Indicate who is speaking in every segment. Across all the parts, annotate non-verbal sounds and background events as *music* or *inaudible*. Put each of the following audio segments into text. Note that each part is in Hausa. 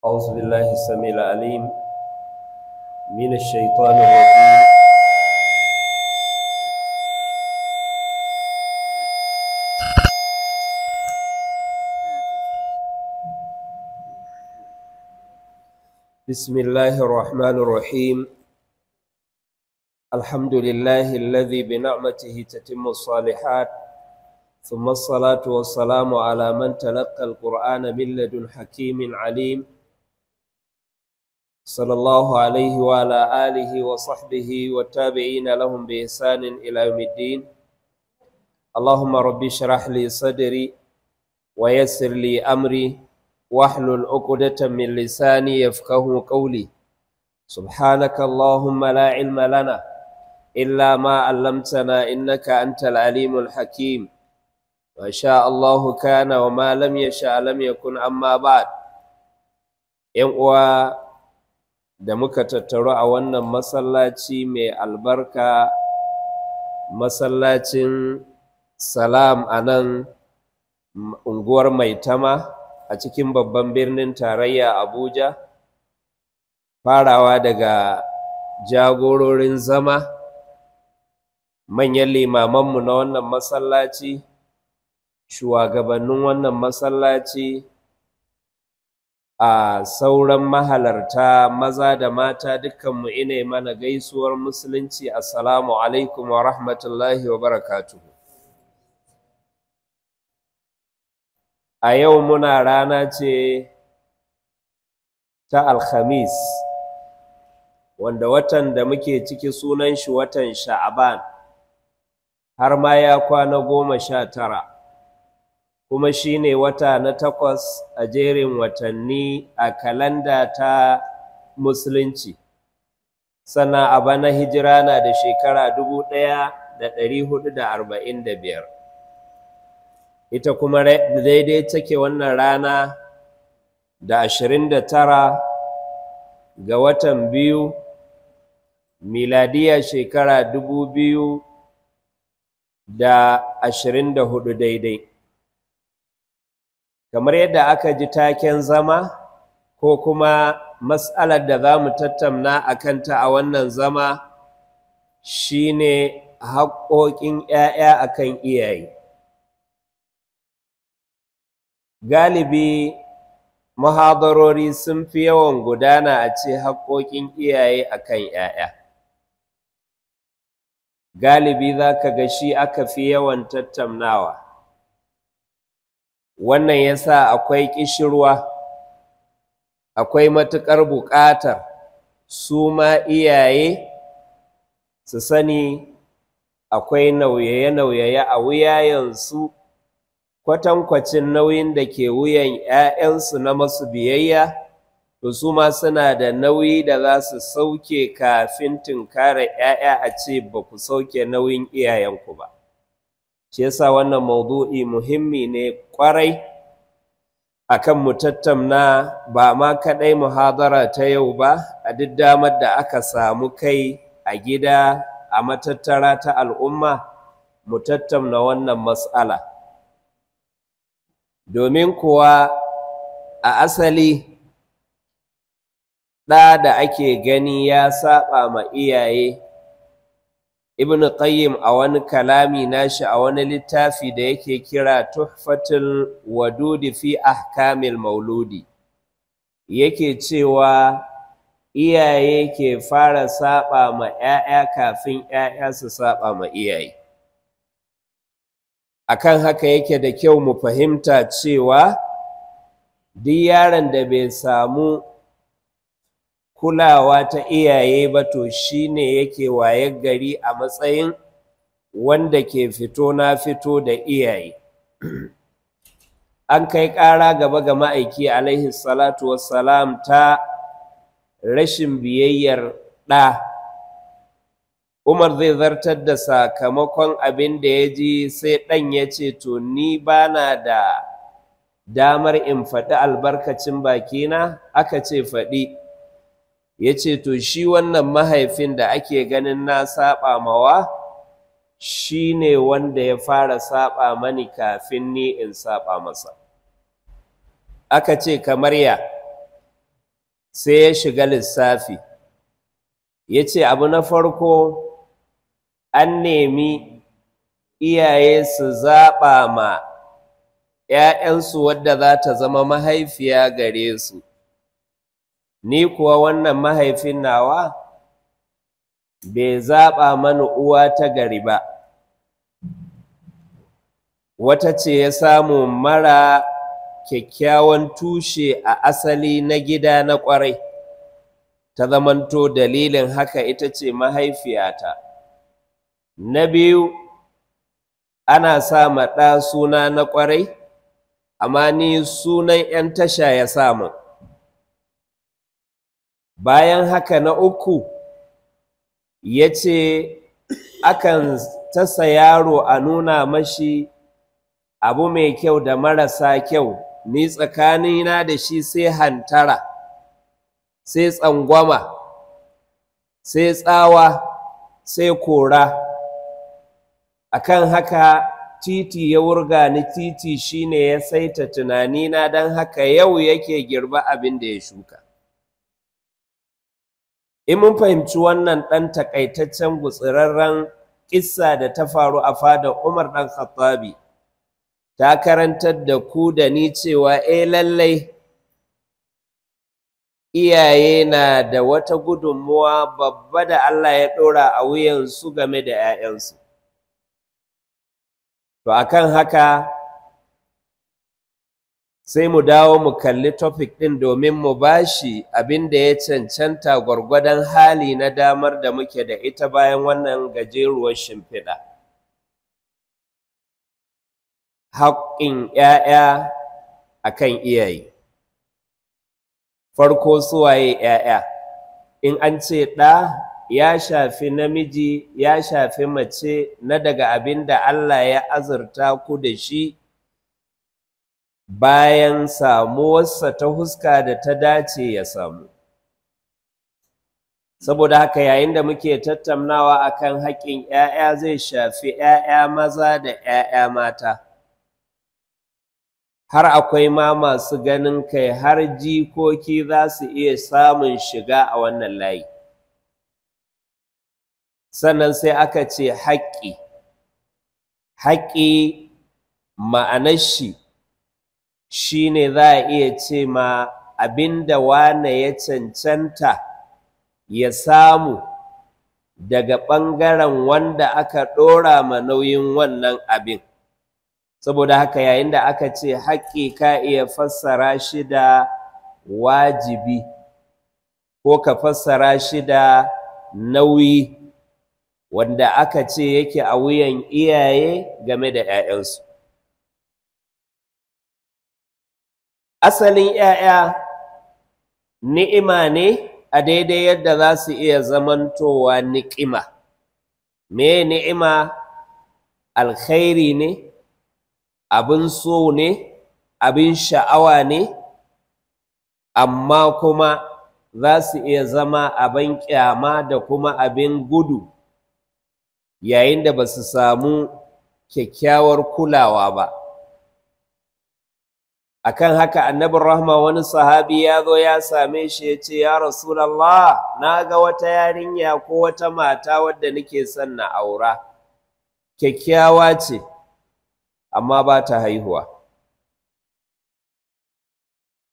Speaker 1: أعوذ بالله السميع العليم من الشيطان الرجيم بسم الله الرحمن الرحيم الحمد لله الذي بنعمته تتم الصالحات ثم الصلاة والسلام على من تلقى القرآن من لدن حكيم عليم صلى الله عليه وعلى آله وصحبه والتابعين لهم بإحسان إلى يوم الدين اللهم ربي اشرح لي صدري ويسر لي أمري واحلل عقدة من لساني يفقه قولي سبحانك اللهم لا علم لنا إلا ما علمتنا إنك أنت العليم الحكيم ما شاء الله كان وما لم يشاء لم يكن أما بعد yan uwa da muka tattaru a wannan masallaci mai albarka masallacin salam a nan unguwar maitama a cikin babban birnin tarayya abuja farawa daga jagororin zama manyan limamanmu na wannan masallaci shugabannin wannan masallaci a sauran mahalarta maza da mata dukkanmu ina mana gaisuwar musulunci assalamu alaikum wa rahmatullahi wa barakatuhu a yau muna rana ce ta alhamis wanda watan da muke ciki sunan shi watan sha'aban har ma ya kwana goma sha tara kuma shi ne wata na takwas a jerin watanni a kalanda ta musulunci sannan a bana hijira na da shekara dubu ɗaya da ɗari hudu da arba'in da biyar ita kuma daidai take wannan rana da ashirin da tara ga watan biyu miladiya shekara dubu biyu da ashirin da hudu daidai kamar yadda aka ji taken zama ko kuma matsalar da za mu tattauna a kanta a wannan zama shine haƙoƙin 'ya'ya akan iyaye galibi muhazarori sun fi yawan gudana a ce haƙoƙin iyaye akan 'ya'ya galibi za ka ga shi aka fi yawan tattaunawa wannan yasa akwai ƙishirwa, akwai matuƙar buƙatar su ma iyaye su sani akwai nauyaye-nauyaye a wuyayensu kwatankwacin nauyin da ke wuyan 'ya'yansu na masu biyayya to su ma suna da nauyi da za su sauke kafin tunkara 'ya'ya a ce ba ku sauke nauyin iyayenku ba shi yasa wannan maudu'i muhimmi ne kwarai akan mu tattauna ba ma kaɗai muhadara ta yau ba a duk damar da aka samu kai a gida a matattara ta al'umma mu tattauna wannan matsala. domin kuwa a asali ɗa da ake gani ya saɓa ma iyaye ibn qayyim a wani kalami nashi a wani littafi da yake kira tuhfatul wadudi fi ahkamil mauludi yake cewa iyaye ke fara saba ma 'ya'ya kafin 'ya'ya su saba ma iyaye akan haka yake da kyau mu fahimta cewa duk yaron da bai samu kulawa ta iyaye ba to shine yake waye gari a matsayin wanda ke fito na fito da iyaye an kai ƙara gaba ga ma'aiki alaihi salatu wassalam ta rashin biyayyar ɗa Umar zai zartar da sakamakon abin da ya ji sai ɗan ya ce to ni bana da damar in faɗi albarkacin bakina aka ce faɗi ya ce to shi wannan mahaifin da ake ganin na saɓa mawa shi ne wanda ya fara saɓa mani kafin ni in saɓa masa aka ce kamar ya sai ya shiga lissafi ya ce abu na farko an nemi iyaye su zaɓa ma ‘ya'yansu wadda za ta zama mahaifiya gare su’ ni kuwa wannan mahaifin nawa bai zaɓa mani uwa ta gari ba wata ce ya samu mara kyakkyawan tushe a asali na gida na ƙwarai ta zamanto dalilin haka ita ce mahaifiyata na biyu ana sa ma ɗa suna na ƙwarai amma ni sunan 'yan tasha ya samu. bayan haka na uku ya ce akan tasa yaro a nuna mashi abu mai kyau da marasa kyau ni tsakanina da shi sai hantara sai tsangwama sai tsawa sai kora akan haka titi ya wurga ni titi shine ya saita tunanina don haka yau yake girba abin da ya shuka in mun fahimci wannan ɗan takaitaccen gutsirarren kissa da ta faru a fadar Umar ɗan Khattabi ta karantar da ku da ni cewa e lallai iyaye na da wata gudunmuwa babba da Allah ya ɗora a wuyansu game da ‘ya'yansu. To akan haka sai mu dawo mu kalli topic ɗin domin mu bashi abin da ya cancanta gwargwadon hali na damar da muke da ita bayan wannan gajeruwar shimfiɗa. Haƙƙin ‘ya'ya a kan iyaye Farko suwaye ‘ya'ya, in an ce ɗa ya shafi namiji ya shafi mace na daga abin da Allah ya azurta ku da shi bayan samuwarsa ta huska da ta dace ya samu saboda haka yayin da muke tattaunawa akan haƙƙin ‘ya'ya zai shafi ‘ya'ya maza da ‘ya'ya mata har akwai ma masu ganin kai har jikoki za su iya samun shiga a wannan layi sannan sai aka ce haƙƙi haƙƙi ma'anar shi Shi ne za a iya ce ma abinda wane ya cancanta ya samu daga ɓangaren wanda aka ɗora ma nauyin wannan abin saboda haka yayin da aka ce haƙƙi ka iya fassara shi da wajibi ko ka fassara shi da nauyi wanda aka ce yake a wuyan iyaye game da 'ya'yansu asalin ‘ya'ya ni'ima ne a daidai yadda za su iya zamantowa ni'ima me ni'ima alkhairi ne abin so ne abin sha'awa ne amma kuma za su iya zama abin kyama da kuma abin gudu yayin da ba su samu kyakkyawar kulawa ba akan haka Annabi rahma wani sahabi ya zo ya same shi ya ce ya rasulallah na ga wata yarinya ko wata mata wadda nake son na aura kyakkyawa ce amma ba ta haihuwa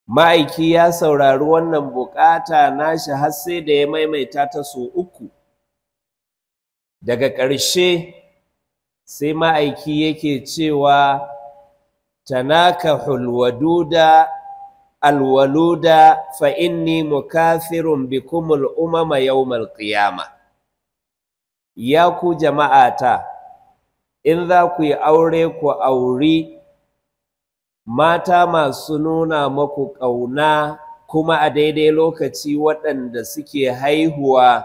Speaker 1: ma'aiki ya saurari wannan bukata nashi har sai da ya maimaita ta so uku daga ƙarshe sai ma'aiki yake cewa تناكحوا الودود الولود فإني مكاثر بكم الأمم يوم القيامة ياكو جماعة إن ذاكو أوريكو أوري mata masu nuna maku ƙauna kuma a daidai lokaci waɗanda suke haihuwa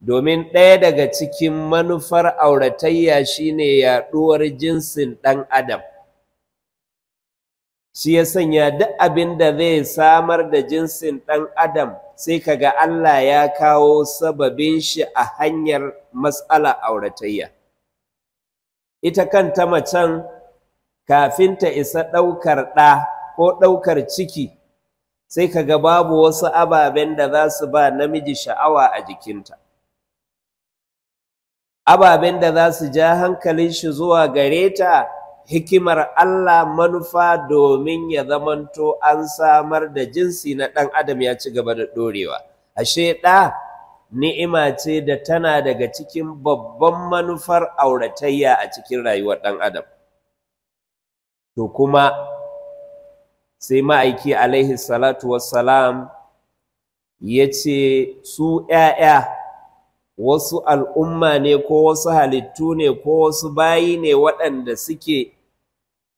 Speaker 1: domin ɗaya daga cikin manufar auratayya shine yaɗuwar jinsin ɗan adam shi ya sanya duk abin da zai samar da jinsin ɗan adam sai kaga Allah ya kawo sababin shi a hanyar matsala auratayya ita kan ta macen kafin ta isa ɗaukar ɗa ko ɗaukar ciki sai kaga babu wasu ababen da za su ba namiji sha'awa a jikinta ababen da za su ja hankalin shi zuwa gare ta hikimar Allah manufa domin ya zamanto an samar da jinsi na ɗan adam ya ci gaba da ɗorewa ashe ɗa ni'ima ce da tana daga cikin babban manufar auratayya a cikin rayuwar ɗan adam to kuma sai ma'aiki alaihi salatu wassalam ya ce su ‘ya'ya wasu al'umma ne ko wasu halittu ne ko wasu bayi ne waɗanda suke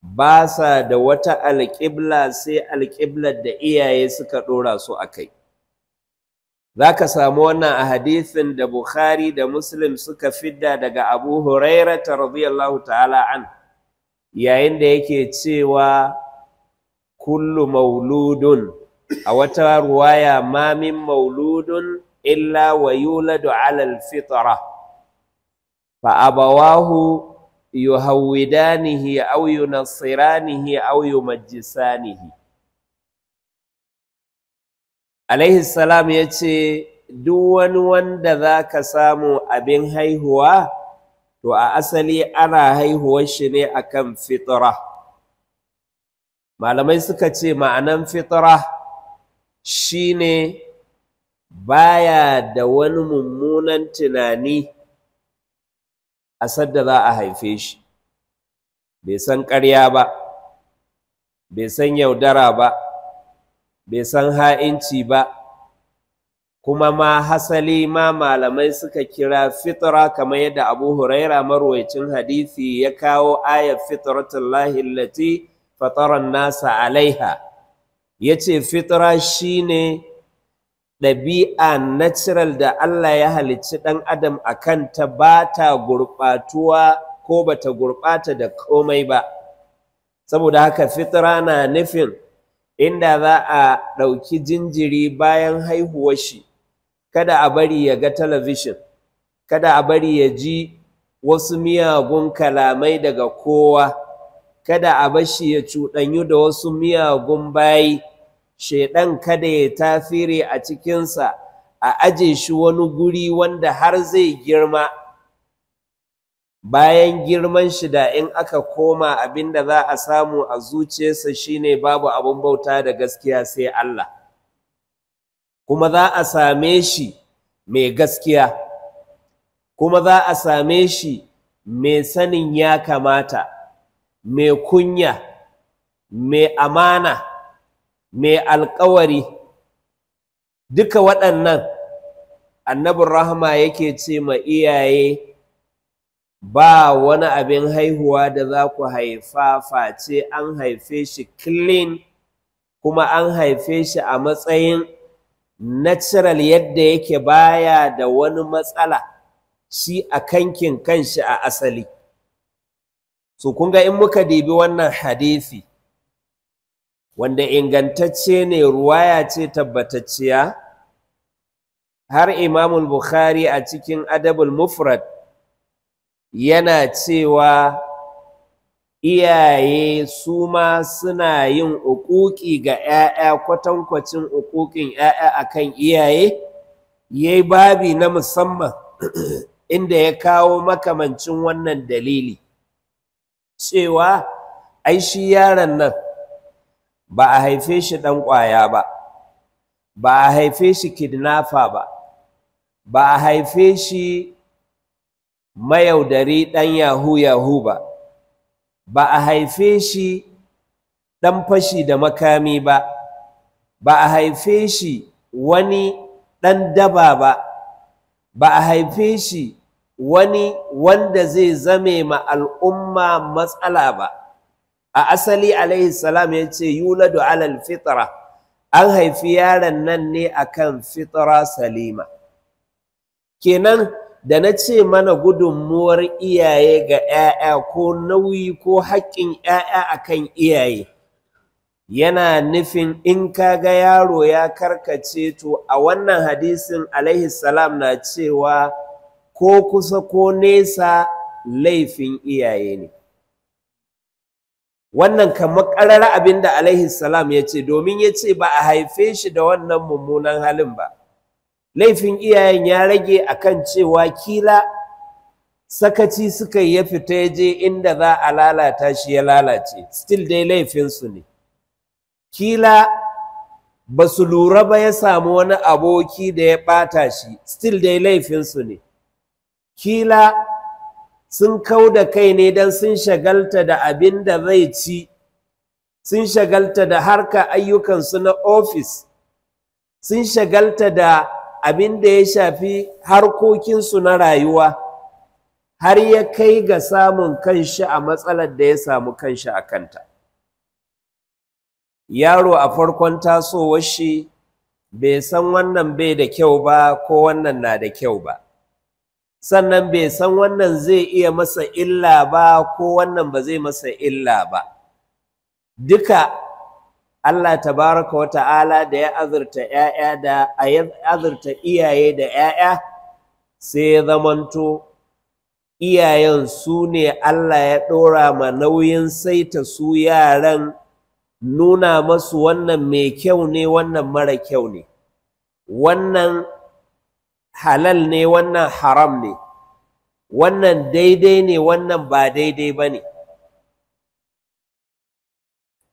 Speaker 1: ba sa da wata alƙibla sai alƙibla da iyaye suka ɗora su a kai za ka samu wannan a hadithin da bukhari da muslim suka fidda daga abu hurairata radiyallahu ta'ala an yayin da yake cewa kullu mauludun a wata ruwaya mamin mauludun illa wa yuladu ala alfitra fa abawahu yuhawwidanihi aw yunassiranihi aw yumajjisanihi alayhi salam yace duk wani wanda zaka samu abin haihuwa to a asali ana haihuwar shi ne akan fitra malamai suka ce ma'anan fitra shine baya da wani mummunan tunani a sadda za a haife shi bai san ƙarya ba bai san yaudara ba bai san ha'inci ba kuma ma hasali ma malamai suka kira fitra kamar yadda abu huraira marwacin hadisi ya kawo ayar fitratullahi lati fataron nasa alaiha ya ce fitra shine ɗabi'a natural da Allah ya halicci ɗan adam a kanta ba ta gurɓatuwa ko ba ta gurɓata da komai ba saboda haka fitra na nufin inda za a ɗauki jinjiri bayan haihuwar shi kada a bari ya ga talabishin kada a bari ya ji wasu miyagun kalamai daga kowa kada a bashi ya cuɗanyu da wasu miyagun bayi shaidan kada ya tafire a cikinsa a aje shi wani guri wanda har zai girma bayan girman shi da in aka koma abinda za a samu a zuciyarsa shine babu abin bauta da gaskiya sai Allah kuma za a same shi mai gaskiya kuma za a same shi mai sanin ya kamata mai kunya mai amana mai alkawari duka waɗannan annabin rahama yake ce ma iyaye ba wani abin haihuwa da za ku haifa face an haife shi clean kuma an haife shi a matsayin natural yadda yake baya da wani matsala shi a kankin kanshi a asali so kunga in muka dibi wannan hadisi wanda ingantacce ne ruwaya ce tabbatacciya har imamul bukhari a cikin adabul mufrad yana cewa iyaye su ma suna yin uƙuƙi ga 'ya'ya kwatankwacin uƙuƙin 'ya'ya akan iyaye ya yi babi na musamman *clears throat* inda ya kawo makamancin wannan dalili cewa ai shi yaron nan ba a haife shi ɗan ƙwaya ba ba a haife shi kidnafa ba ba a haife shi mayaudari ɗan yahu yahu ba ba a haife shi ɗan fashi da makami ba ba a haife shi wani ɗan daba ba ba a haife shi wani wanda zai zame ma al'umma matsala ba a asali alaihi salam ya ce yuladu alal fitra an haifi yaron nan ne akan fitra salima kenan da na ce mana gudunmuwar iyaye ga 'ya'ya ko nauyi ko haƙƙin 'ya'ya akan iyaye yana nufin in ka ga yaro ya karkace to a wannan hadisin alaihi salam na cewa ko kusa ko nesa laifin iyaye ne wannan kamar ƙarar abin da alaihi salam ya ce domin ya ce ba a haife shi da wannan mummunan halin ba laifin iyayen ya rage a kan cewa kila sakaci suka yi ya fita ya je inda za a lalata shi ya lalace still dai laifinsu ne kila ba su lura ba ya samu wani aboki da ya ɓata shi still dai laifinsu ne kila sun kau da kai ne don sun shagalta da abin da zai ci sun shagalta da harka ayyukansu na ofis sun shagalta da abin da ya shafi harkokinsu na rayuwa har ya kai ga samun kanshi a matsalar da ya samu kanshi a kanta yaro a farkon tasowar shi bai san wannan bai da kyau ba ko wannan na da kyau ba sannan bai san wannan zai iya masa illa ba ko wannan ba zai masa illa ba duka Allah tabaraka wa ta'ala da ya azurta 'ya'ya da ya azurta iyaye da 'ya'ya sai ya zamanto iyayen su ne Allah ya ɗora ma nauyin saita su yaran nuna masu wannan mai kyau ne wannan mara kyau ne wannan halal ne wannan haram ne wannan daidai ne wannan ba daidai ba ne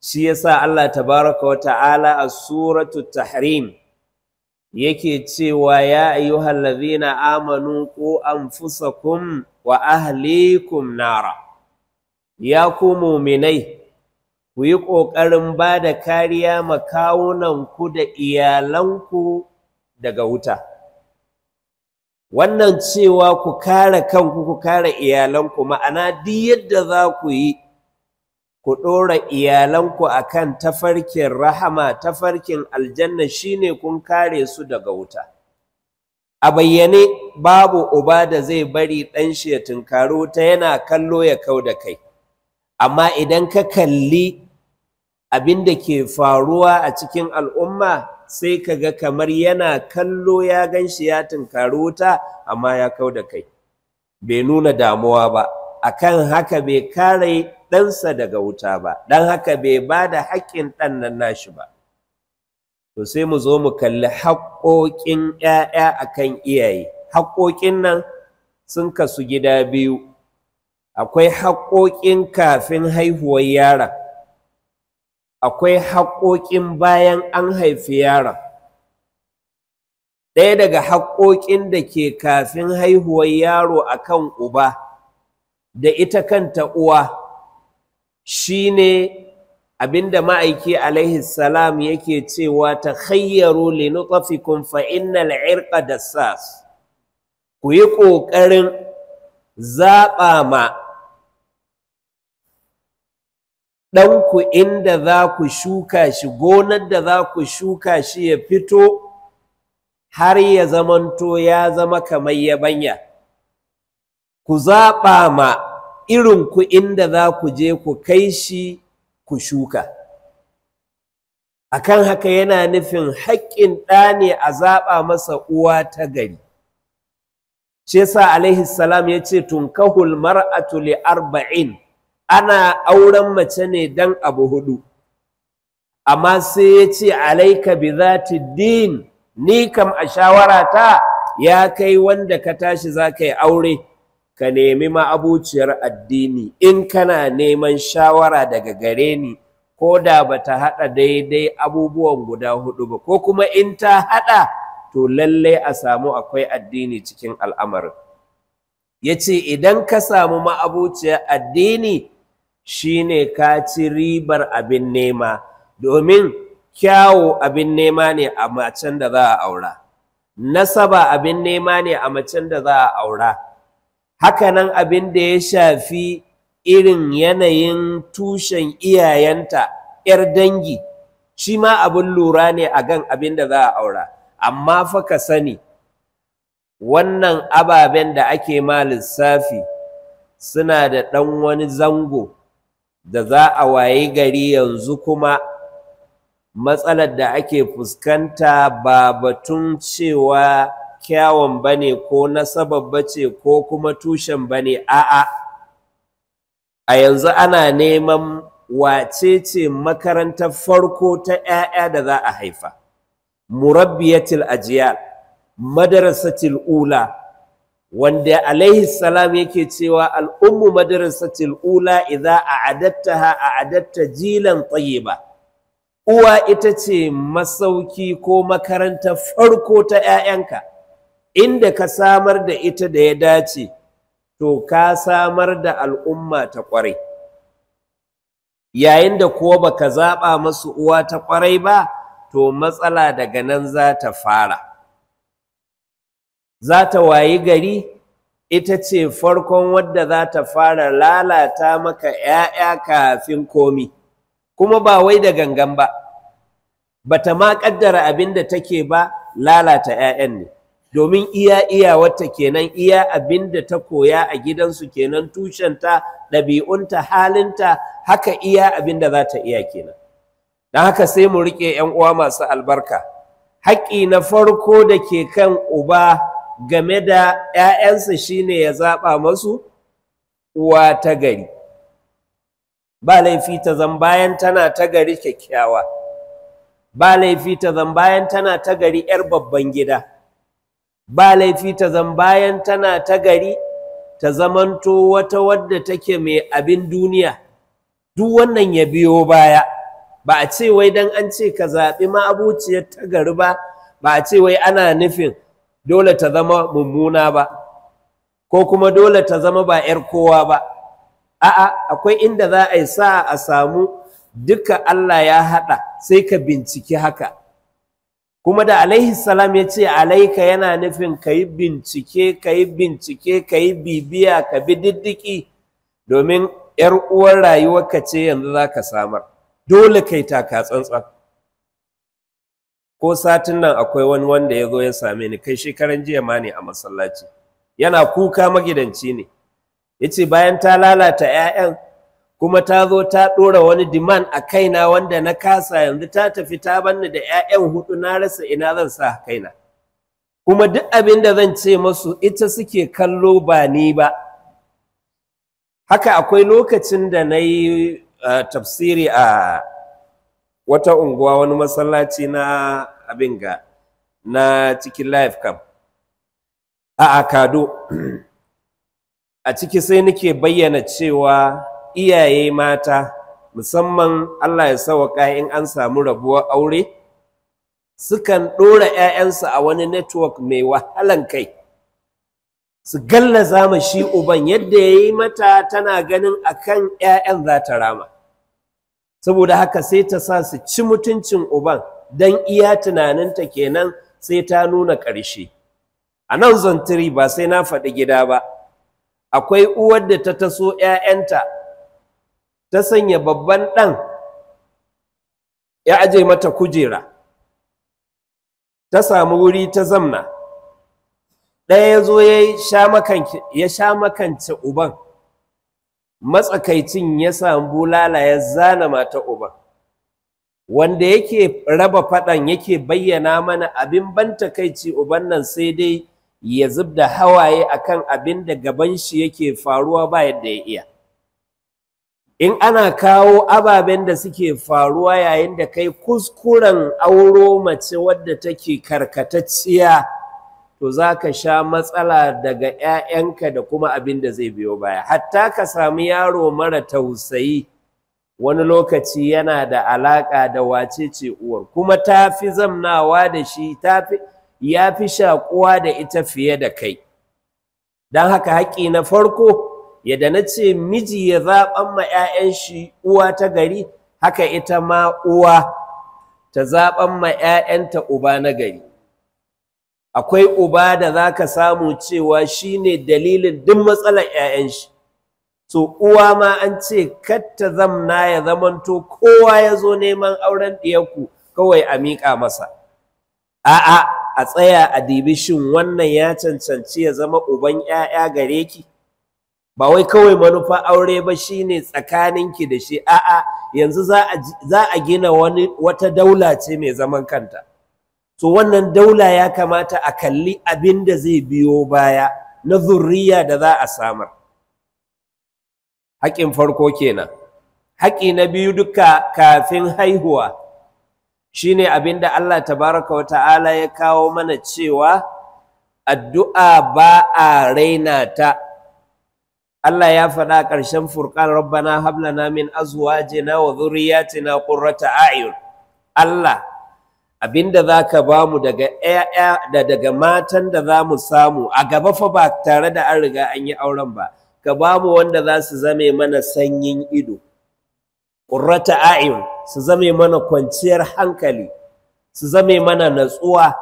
Speaker 1: shi ya sa Allah tabaraka wa ta'ala a suratu tahrim yake cewa ya ayyuhal ladhina amanu ko an anfusakum wa ahlikum nara ya ku mu'minai ku yi ƙoƙarin ba da kariya makawunanku da iyalanku daga wuta wannan cewa ku kare kanku ku kare iyalanku ma'ana duk yadda za ku yi ku ɗora iyalanku a kan tafarkin rahama tafarkin aljanna shine kun kare su daga wuta a bayyane babu uba da zai bari ɗan shi ya tunkari wuta yana kallo ya kau da kai amma idan ka kalli abin da ke faruwa a cikin al'umma sai ka ga kamar yana kallo ya gan shi ya tunkari wuta amma ya kau da kai bai nuna damuwa ba akan haka bai kare ɗansa daga wuta ba don haka bai ba da haƙƙin ɗan nan nashi ba to sai mu zo mu kalli haƙoƙin ‘ya'ya a kan iyaye haƙoƙin nan sun kasu gida biyu akwai haƙoƙin kafin haihuwar yaron akwai haƙoƙin bayan an haifi yaron ɗaya daga haƙoƙin da ke kafin haihuwar yaro akan uba da ita kanta uwa shine abinda ma'aiki alaihi salam yake cewa ta khayyaru li kun fa innal irqa dassas ku yi ƙoƙarin zaɓa ma ɗanku inda za ku shuka shi gonar da za ku shuka shi ya fito har ya zamanto ya zama kamar yabanya ku zaɓa ma irin irinku inda za ku je ku kai shi ku shuka akan haka yana nufin haƙƙin ɗa ne a zaɓa masa uwa ta gari shi yasa alaihi salam ya ce tunkahul mar'atu li arba'in ana auren mace ne dan abu hudu amma sai ya ce alaika bi zati din ni kam a shawarata ya kai wanda ka tashi za ka yi aure ka nemi ma'abuciyar addini in kana neman shawara daga gare ni ko da ba ta haɗa daidai abubuwan guda hudu ba ko kuma in ta haɗa to lallai a samu akwai addini cikin al'amarin ya ce idan ka samu ma'abuciyar addini shine ka ci ribar abin nema domin kyawo abin nema ne a macen da za a aura nasaba abin nema ne a macen da za a aura hakanan abin da ya shafi irin yanayin tushen iyayenta 'yar dangi shi ma abin lura ne a gan abin da za a aura amma fa ka sani wannan ababen da ake ma lissafi suna da ɗan wani zango da za a wayi gari yanzu kuma matsalar da ake fuskanta ba batun cewa kyawun bane ko nasabar bace ko kuma tushen bane a'a a yanzu ana neman wace ce makarantar farko ta 'ya'ya da za a haifa murabbiyatil ajiyar, madarasatil ula wanda alaihi salam yake cewa al'ummu madrasatil ula idza a'adattaha a'adatta jilan tayyiba uwa ita ce masauki ko makaranta farko ta 'ya'yanka inda ka samar da ita da ya dace to ka samar da al'umma ta kwarai yayin da kuwa baka zaba masu uwa ta kwarai ba to matsala daga nan za ta fara za ta wayi gari ita ce farkon wadda za ta fara lalata maka ‘ya'ya kafin komi kuma ba wai da gangan ba bata ma ƙaddara abin da take ba lalata ‘ya'yan ne domin iya iya wata kenan iya abin da ta koya a gidansu kenan tushenta ɗabi'unta halinta haka iya abin da za ta iya kenan don haka sai mu riƙe ‘yan uwa masu albarka haƙƙi na farko da ke kan uba game da ‘ya'yansa shine ya zaɓa masu uwa ta gari ba laifi ta zan bayan tana ta gari kyakkyawa ba laifi ta zan bayan tana ta gari ‘yar babban gida ba laifi ta zan bayan tana ta gari ta zamanto wata wadda take mai abin duniya duk wannan ya biyo baya ba a ce wai don an ce ka zaɓi ma'abuciyar ta gari ba ba a ce wai ana nufin dole ta zama mummuna ba ko kuma dole ta zama ba 'yar kowa ba a'a akwai inda za a yi sa a samu duka Allah ya haɗa sai ka binciki haka kuma da alaihi salam ya ce alaika yana nufin ka yi bincike ka yi bincike ka yi bibiya ka bi diddiki domin 'yar uwar rayuwarka ce yanzu za ka samar dole kai taka tsantsan ko satin nan akwai wani wanda ya zo ya same ni kai shekaran jiya ma ne a masallaci yana kuka magidanci ne yace bayan ta lalata 'ya'yan kuma ta zo ta ɗora wani diman a kaina wanda na kasa yanzu ta tafi ta banni da 'ya'yan hudu na rasa ina zan sa kaina kuma duk abin da zan ce masu ita suke kallo ba ni ba haka akwai lokacin da na yi eh, tafsiri a wata unguwa wani masallaci na abin ga na cikin life cam a akado *clears throat* a ciki sai nake bayyana cewa iyaye mata musamman Allah ya sa sawaka in an samu rabuwar aure sukan ɗora 'ya'yansu a wani network mai wahalan kai su gallaza ma shi uban yadda ya yi mata tana ganin akan 'ya'yan za ta rama saboda haka sai ta sa su ci mutuncin uban dan iya tunaninta kenan sai ta nuna ƙarshe a nan zantiri ba sai na faɗi gida ba akwai uwar da ta taso 'ya'yanta ta sanya babban ɗan ya aje mata kujera ta samu wuri ta zamna ɗaya ya zo ya sha makance uban matsakaicin ya samu bulala ya ta mata uban wanda yake raba faɗan yake bayyana mana abin ban takaici uban nan sai dai ya zubda hawaye akan abin da gaban shi yake faruwa ba yadda ya iya in ana kawo ababen da suke faruwa yayin da kai kuskuren auro mace wadda take karkatacciya to za ka sha matsala daga 'ya'yanka da kuma abin da zai biyo baya hatta ka sami yaro mara tausayi wani lokaci yana da alaƙa da wacece uwar kuma ta fi zamnawa da shi ta fi ya fi shaƙuwa da ita fiye da kai don haka haƙƙi na farko yadda na ce miji ya zaɓan ma 'ya'yan shi uwa ta gari haka ita ma uwa ta zaɓan ma 'ya'yanta uba na gari akwai uba da za ka samu cewa shi ne dalilin duk matsalar 'ya'yan shi To uwa ma an ce katta zamna ya zamanto kowa ya zo neman auren ɗiyarku kawai a miƙa masa a'a a tsaya a dibi shin wannan ya cancanci ya zama uban 'ya'ya gare ki ba wai kawai manufa aure ba shine tsakanin ki da shi a'a yanzu za a gina wani wata daula ce mai zaman kanta To wannan daula ya kamata a kalli abin da zai biyo baya na zurriya da za a samar haƙin farko kenan haƙi na biyu duka kafin haihuwa shine abin da Allah tabaraka wa ta'ala ya kawo mana cewa addu'a ba a raina ta Allah ya faɗa ƙarshen furqan rabbana hablana lana min azwajina wa dhurriyyatina qurrata a'yun Allah abinda za ka ba mu daga 'ya'ya da daga matan da za mu samu a gaba fa ba tare da an riga an yi auren ba ka ba mu wanda za su zame mana sanyin ido ƙurrata a'in su zame mana kwanciyar hankali su zame mana natsuwa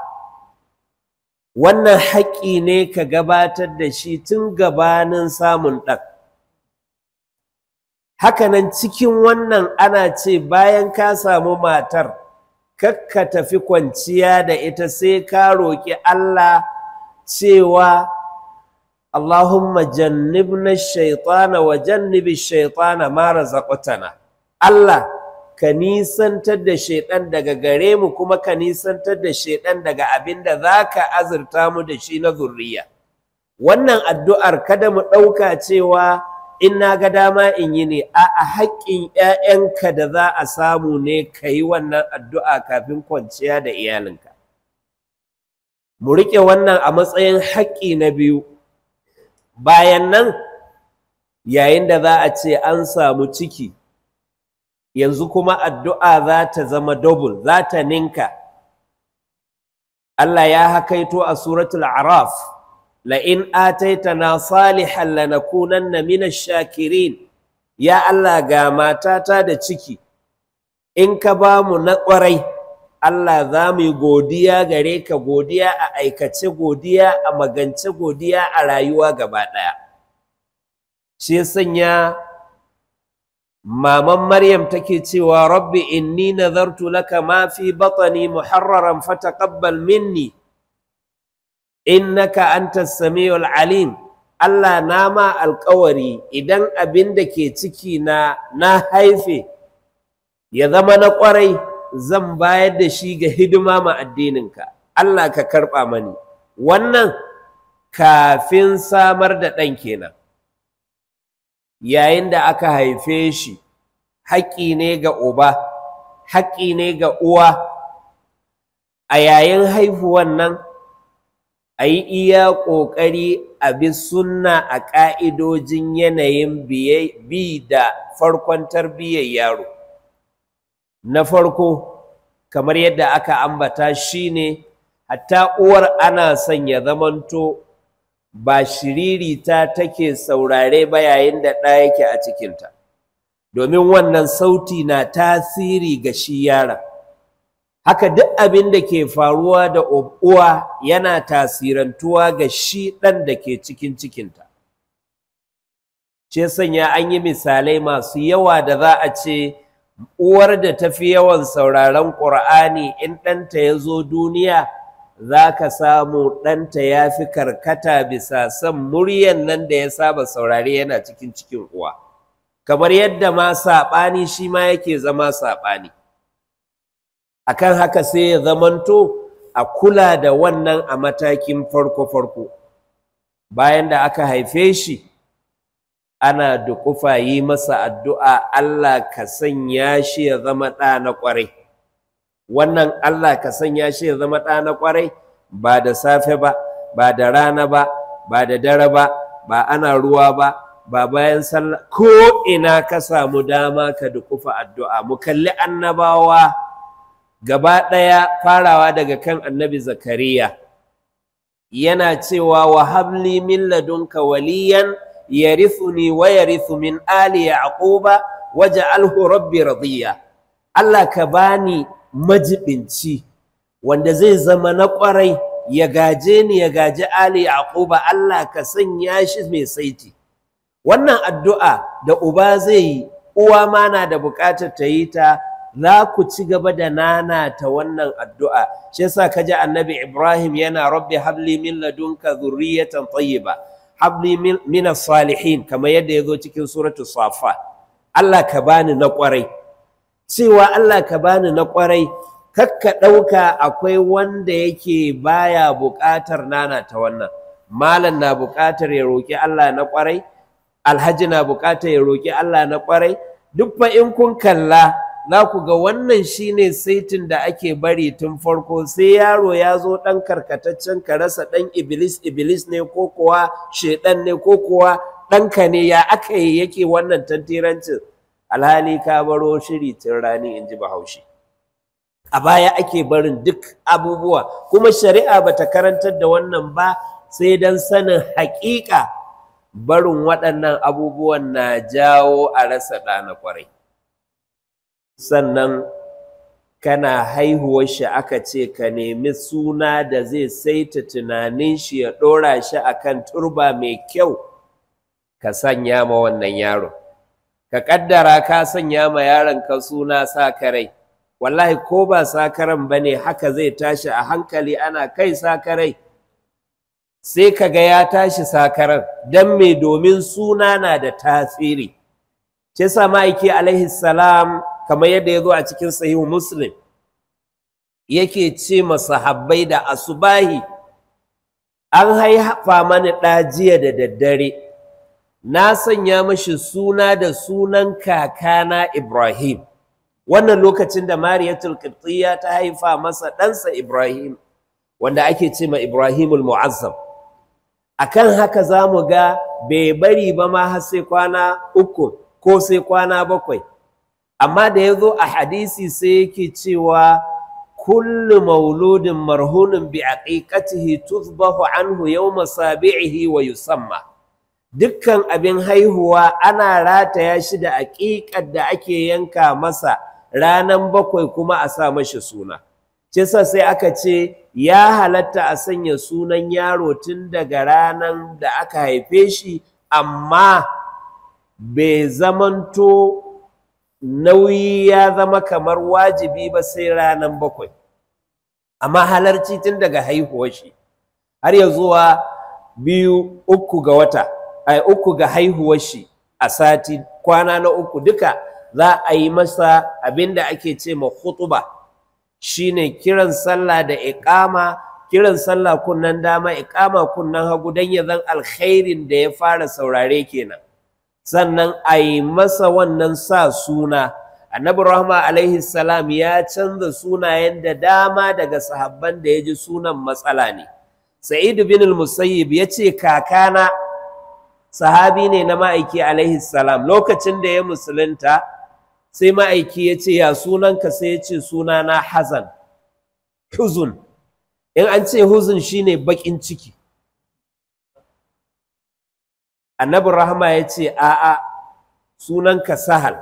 Speaker 1: wannan haƙƙi ne ka gabatar da shi tun gabanin samun ɗan hakanan cikin wannan ana ce bayan ka samu matar kakka tafi kwanciya da ita sai ka roƙi Allah cewa Allahumma jannibna shaitana wa jannibi shaitana ma razaqtana Allah ka nisantar da shaiɗan daga gare mu kuma ka nisantar da shaiɗan daga abinda da za ka azurta mu da shi na zurriya wannan addu'ar kada mu ɗauka cewa in na ga dama in yi ne a haƙƙin ‘ya'yanka da za a samu ne ka yi wannan addu'a kafin kwanciya da iyalinka. Mu riƙe wannan a matsayin haƙƙi na biyu, bayan nan yayin da za a ce an samu ciki, yanzu kuma addu'a za ta zama dubul za ta ninka. Allah ya haƙaito a suratul Araf. la'in ataitana salihan lanakunanna minash shakirin ya Allah ga matata da ciki in ka ba mu na ƙwarai Allah za mu yi godiya gare ka godiya a aikace godiya a magance godiya a rayuwa gaba ɗaya shi sanya maman Maryam take cewa rabbi inni nazartu na ma fi batni muharraran fataqabbal minni innaka antas samiul alim Allah na ma alƙawari idan abin da ke ciki na na haife ya zama na ƙwarai zan bayar da shi ga hidima ma addininka Allah ka karɓa mani wannan kafin samar da ɗan kenan yayin da aka haife shi haƙƙi ne ga uba haƙƙi ne ga uwa a yayin haihuwan nan a iya ƙoƙari a bi sunna a ƙa'idojin yanayin bi da farkon tarbiyyar yaro na farko kamar yadda aka ambata shine hatta uwar ana son ya zamanto ba shiririta take saurare ba yayin da ɗa yake a cikinta domin wannan sauti na tasiri ga shi yaron haka duk abin da ke faruwa da uwa yana tasirantuwa ga shi ɗan da ke cikin cikinta ce sanya an yi misalai masu yawa da za a ce uwar da ta fi yawan sauraron ƙur'ani in ɗanta ya zo duniya za ka samu ɗanta ya fi karkata bisa son muryan nan da ya saba saurare yana cikin cikin uwa kamar yadda ma saɓani shi ma yake zama saɓani akan haka sai ya zamanto a kula da wannan a matakin farko-farko bayan da aka haife shi ana dukufa yi masa addu'a Allah ka sanya shi ya zama ɗa na ƙwarai wannan Allah ka sanya shi ya zama ɗa na ƙwarai ba da safe ba ba da rana ba ba da dare ba ba ana ruwa ba ba bayan sallah ko ina ka samu dama ka dukufa addu'a mu kalli annabawa gaba ɗaya farawa daga kan annabi zakariya yana cewa wa habli min ladunka waliyan yarithuni wa yarithu min ali yaquba waj'alhu rabbi radiya Allah ka bani majibinci wanda zai zama na ƙwarai ya gaje ni ya gaji ali yaquba Allah ka sanya shi mai saiti wannan addu'a da uba zai yi uwa ma na da bukatar ta yi ta za ku ci gaba da ta wannan addu'a shi ka ji annabi Ibrahim yana rabbi habli min ladunka zurriyatan tayyiba habli min salihin kamar yadda yazo cikin suratu safa Allah ka bani na kwarai cewa Allah ka bani na kwarai kakka ɗauka akwai wanda yake baya buƙatar nanata wannan malam na buƙatar ya roki Allah na kwarai alhaji na buƙatar ya roƙi Allah na kwarai duk fa in kun kalla za ku ga wannan shine saitin da ake bari tun farko sai yaro ya zo ɗan karkataccen ka rasa ɗan iblis iblis ne ko kuwa shaiɗan ne ko kuwa ɗanka ne ya aka yi yake wannan tantirancin alhali ka baro shiri tun rani in ji bahaushe a baya ake barin duk abubuwa kuma shari'a ba ta karantar da wannan ba sai don sanin haƙiƙa barin waɗannan abubuwan na jawo a rasa ɗana kwarai sannan kana haihuwar shi aka ce ka nemi suna da zai saita tunanin shi ya ɗora shi akan turba mai kyau ka sanya ma wannan yaro ka ƙaddara ka sanya ma yaron ka suna sakarai wallahi ko ba sakaran ba ne haka zai tashi a hankali ana kai sakarai sai ka ga ya tashi sakaran don mai domin suna na da tasiri ce sama ma'aiki alaihi salam kamar yadda ya zo a cikin sahihu muslim yake ce masahabbai da asubahi an haifa mani ɗa jiya da daddare na sanya mashi suna da sunan kakana ibrahim wannan lokacin da mariyatul qibtiyya ta haifa masa ɗansa ibrahim wanda ake ce ma ibrahimul mu'azzam akan haka za mu ga bai bari ba ma har sai kwana uku ko sai kwana bakwai amma da ya zo a hadisi sai yake cewa kullu mauludin marhunin bi aqiqatihi tuzbahu anhu yawma sabi'ihi wa yusamma dukkan abin haihuwa ana rataya shi da aƙiƙar da ake yanka masa ranan bakwai kuma a sa mashi suna Kisa sai aka ce ya halatta a sanya sunan yaro tun daga ranan da aka haife shi amma bai zamanto nauyi ya zama kamar wajibi ba sai ranar bakwai amma halarci tun daga haihuwar shi har ya zuwa biyu uku ga wata ai uku ga haihuwar shi a sati kwana na uku duka za a yi masa abin da ake ce ma khutuba shine kiran sallah da iqama kiran sallah kunnan dama iqama kunnan hagu dan ya alkhairin da ya fara saurare kenan sannan a yi masa wannan sa suna annabi rahma alaihi salam ya canza sunayen da dama daga sahabban da ya ji sunan matsala ne sa'idu bin al-musayyib ya ce kakana sahabi ne na ma'aiki alaihi salam lokacin da ya musulunta sai ma'aiki ya ce ya sunanka sai ya ce na hazan huzun in an ce huzun shine baƙin ciki annabi rahama ya ce a'a sunanka sahal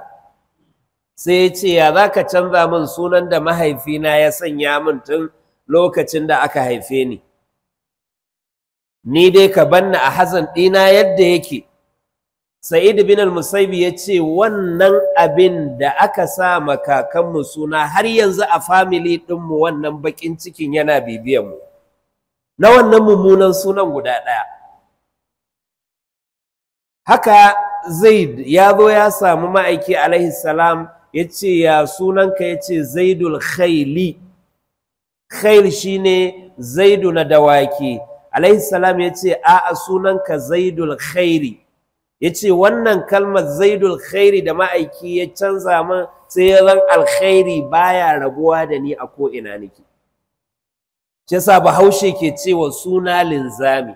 Speaker 1: sai ya ce ya za ka canza min sunan da mahaifina ya sanya min tun lokacin da aka haife ni ni dai ka banna a hazan ɗina yadda yake sa'id bin al-musaibi ya ce wannan abin da aka sa makakanmu suna har yanzu a famili ɗinmu wannan baƙin cikin yana bibiyanmu na wannan mummunan sunan guda ɗaya haka zaid ya zo ya samu ma'aiki alaihi salam ya ce ya sunanka ya ce zaidul khaili khail shine zaidu na dawaki alaihi salam ya ce a'a sunanka zaidul khairi ya ce wannan kalmar zaidul khairi da ma'aiki ya canza min sai ya zan alkhairi baya rabuwa da ni a ko'ina nake shi yasa bahaushe ke cewa suna linzami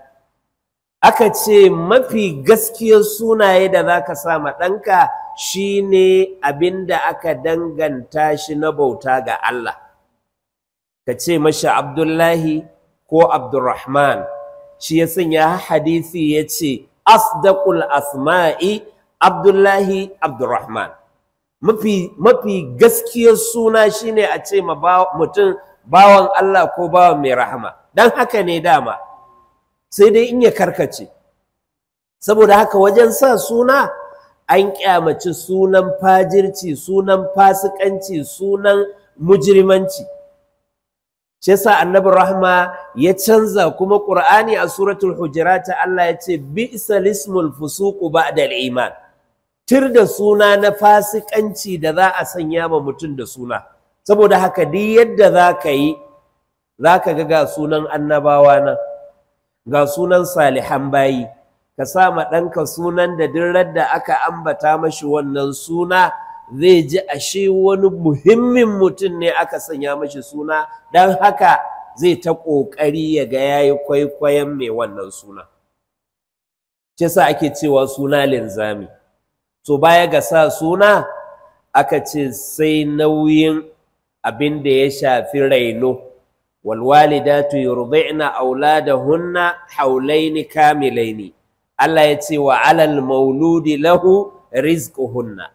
Speaker 1: aka ce mafi gaskiyar sunaye da za ka sama ɗanka shi ne abin da aka danganta shi na bauta ga Allah ka ce mashi abdullahi ko abdurrahman shi ya sanya hadisi ya ce asdaqul asma'i abdullahi abdurrahman mafi gaskiyar suna shine a ce mutum bawan Allah ko bawan mai rahama dan haka ne dama sai dai in ya karkace saboda haka wajen sa suna an kyamaci sunan fajirci sunan fasikanci sunan mujrimanci shi yasa annabi rahma ya canza kuma qur'ani a suratul hujurat Allah ya ce bi'sa lismul fusuqu ba'da al-iman tir da suna na fasikanci da za a sanya ma mutum da suna saboda haka duk yadda za ka yi za ka ga ga sunan annabawa nan ga sunan salihan bayi ka sa ma ɗanka sunan da duk da aka ambata mashi wannan suna zai ji ashe wani muhimmin mutum ne aka sanya mashi suna don haka zai ta ƙoƙari ya ga ya yi kwaikwayon mai wannan suna ce sa ake cewa suna linzami to baya ga sa suna aka ce sai nauyin abin da ya shafi raino walwalidatu yurdi'na hunna haulaini kamilaini Allah ya ce wa alal mauludi lahu hunna.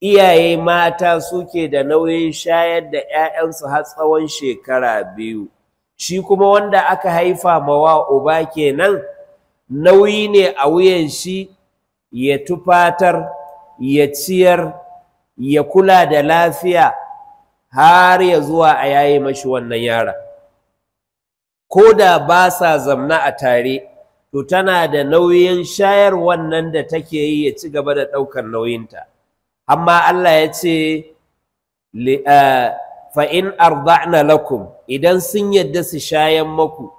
Speaker 1: iyaye mata suke da nauyin shayar da 'ya'yansu har tsawon shekara biyu shi kuma wanda aka haifa mawa uba kenan nauyi ne a wuyan shi ya tufatar ya ciyar ya kula da lafiya har ya zuwa a yayi mashi wannan yara ko da ba sa zamna a tare to tana da nauyin shayar wannan da take yi ya ci gaba da ɗaukar nauyinta amma Allah ya ce fa in arda'na lakum idan sun yadda su shayan maku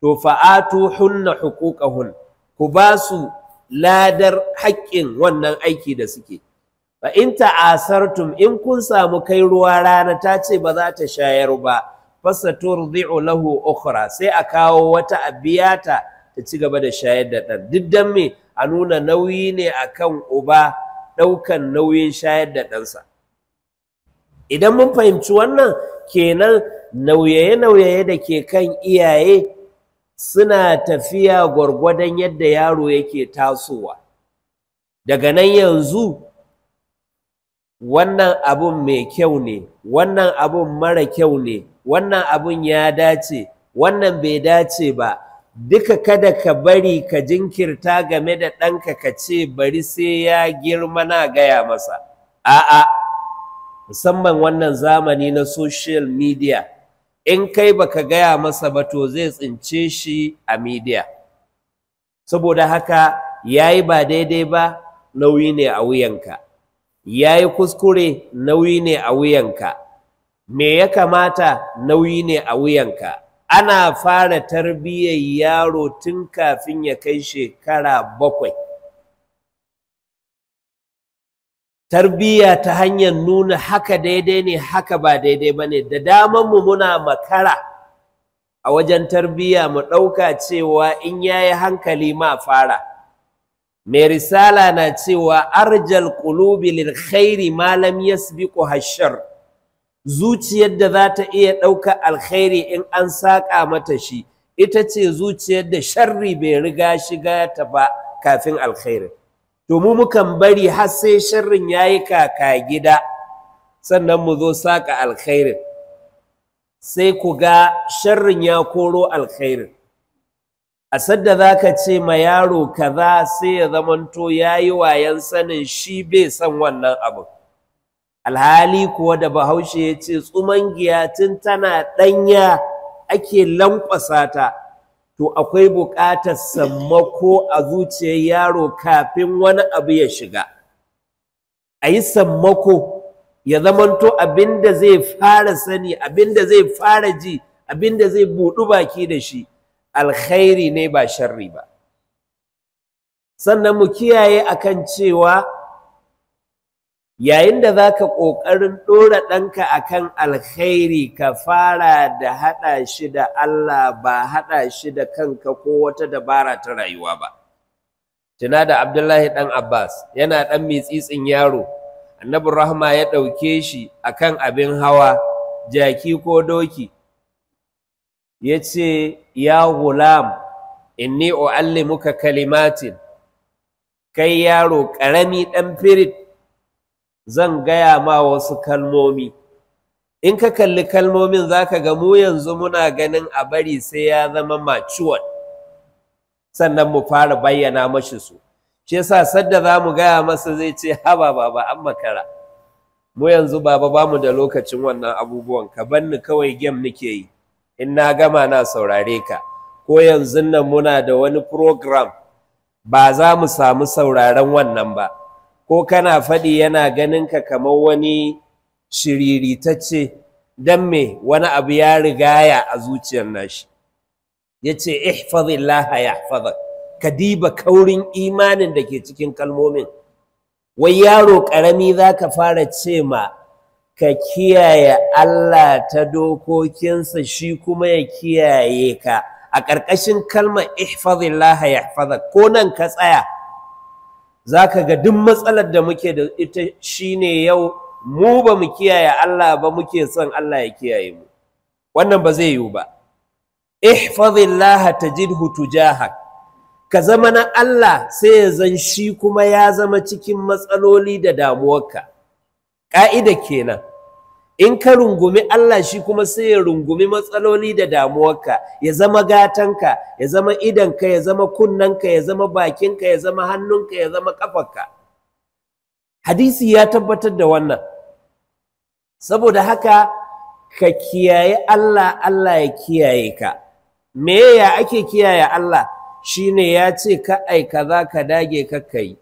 Speaker 1: to fa'atu hunna hun, ku ba su ladar haƙƙin wannan aiki da suke fa in ta'asartum in kun samu kai ruwa rana ta ce ba za ta shayar ba fasaturdi'u lahu ukhra sai a kawo wata abiyata ta ci gaba da shayar da ɗan duk dan me a nuna nauyi ne akan uba ɗaukan nauyin shayar da ɗansa idan mun fahimci wannan kenan nauyaye-nauyaye da ke kan iyaye suna tafiya gwargwadon yadda yaro yake tasowa daga nan yanzu wannan abun mai kyau ne wannan abun mara kyau ne wannan abun ya dace wannan bai dace ba duka kada ka bari ka jinkirta game da ɗanka ka ce bari sai ya girma na gaya masa a'a musamman wannan zamani na social media in kai baka gaya masa ba to zai tsince shi a media saboda haka ya yi ba daidai ba nauyi ne a wuyanka ya yi kuskure nauyi ne a wuyanka me ya kamata nauyi ne a wuyanka ana fara tarbiyyar yaro tun kafin ya kai shekara bakwai tarbiyya ta hanyar nuna haka daidai ne haka ba daidai ba ne da damanmu muna makara a wajen tarbiyya mu ɗauka cewa in ya yi hankali ma fara mai risala na cewa arjal kulubi lil khairi ma lam yasbiqu hashar zuciyar da za ta iya ɗauka alkhairi in an saƙa mata shi ita ce zuciyar da sharri bai riga shiga ta ba kafin alkhairi to mu mukan bari har sai sharrin yi kaka gida sannan mu zo saƙa alkhairin sai ku ga sharrin ya koro alkhairin a sadda za ka ce ma yaro kaza sai ya zamanto ya yi wayan sanin shi bai san wannan abin alhali kuwa da bahaushe ya ce tsuman tun tana ɗanya ake lankwasa ta to akwai buƙatar sammako a zuciyar yaro kafin wani abu ya shiga a yi sammako ya zamanto abinda zai fara sani abinda zai fara ji abinda zai buɗu baki da shi alkhairi ne ba sharri ba sannan mu kiyaye akan cewa yayin da za ka ƙoƙarin ɗora ɗanka a kan alkhairi ka fara da haɗa shi da Allah ba haɗa shi da kanka ko wata dabara ta rayuwa ba tuna da abdullahi ɗan abbas yana ɗan mitsitsin yaro annabi rahma ya ɗauke shi a kan abin hawa jaki ko doki ya ce ya gulam inni u'allimuka kalimatin kai yaro ƙarami ɗan firit zan gaya ma wasu kalmomi in ka kalli kalmomin za ka ga mu yanzu muna ganin a bari sai ya zama maciwon sannan mu fara bayyana mashi su shi yasa sadda za mu gaya masa zai ce haba baba an makara mu yanzu baba bamu da lokacin wannan abubuwan ka banni kawai gem nake yi in na gama na saurare ka ko yanzu nan muna da wani program ba za mu samu sauraren wannan ba ko kana faɗi yana ganin ka kamar wani shiriritacce don me wani abu ya rigaya a zuciyar nashi ya ce ihfazillaha ya ka diba kaurin imanin da ke cikin kalmomin wai yaro ƙarami za ka fara ce ma ka kiyaye Allah ta dokokinsa shi kuma ya kiyaye ka a ƙarƙashin kalmar ihfazillah yahfazak ko nan ka tsaya zaka ga duk matsalar da muke da ita shi ne yau mu ba mu kiyaye Allah ba muke son Allah ya kiyaye mu wannan ba zai yiwu ba ihfazillah tajidhu tujahak ka zama na Allah sai ya zan shi kuma ya zama cikin matsaloli da damuwarka ƙa'ida kenan in ka rungumi Allah shi kuma sai ya rungumi matsaloli da damuwarka ya zama gatanka ya zama idanka ya zama kunnanka ya zama bakinka ya zama hannunka ya zama kafarka hadisi ya tabbatar da wannan saboda haka ka kiyaye Allah Allah ya kiyaye ka me ya ake kiyaye Allah shine ya ce ka aika za ka dage ka kai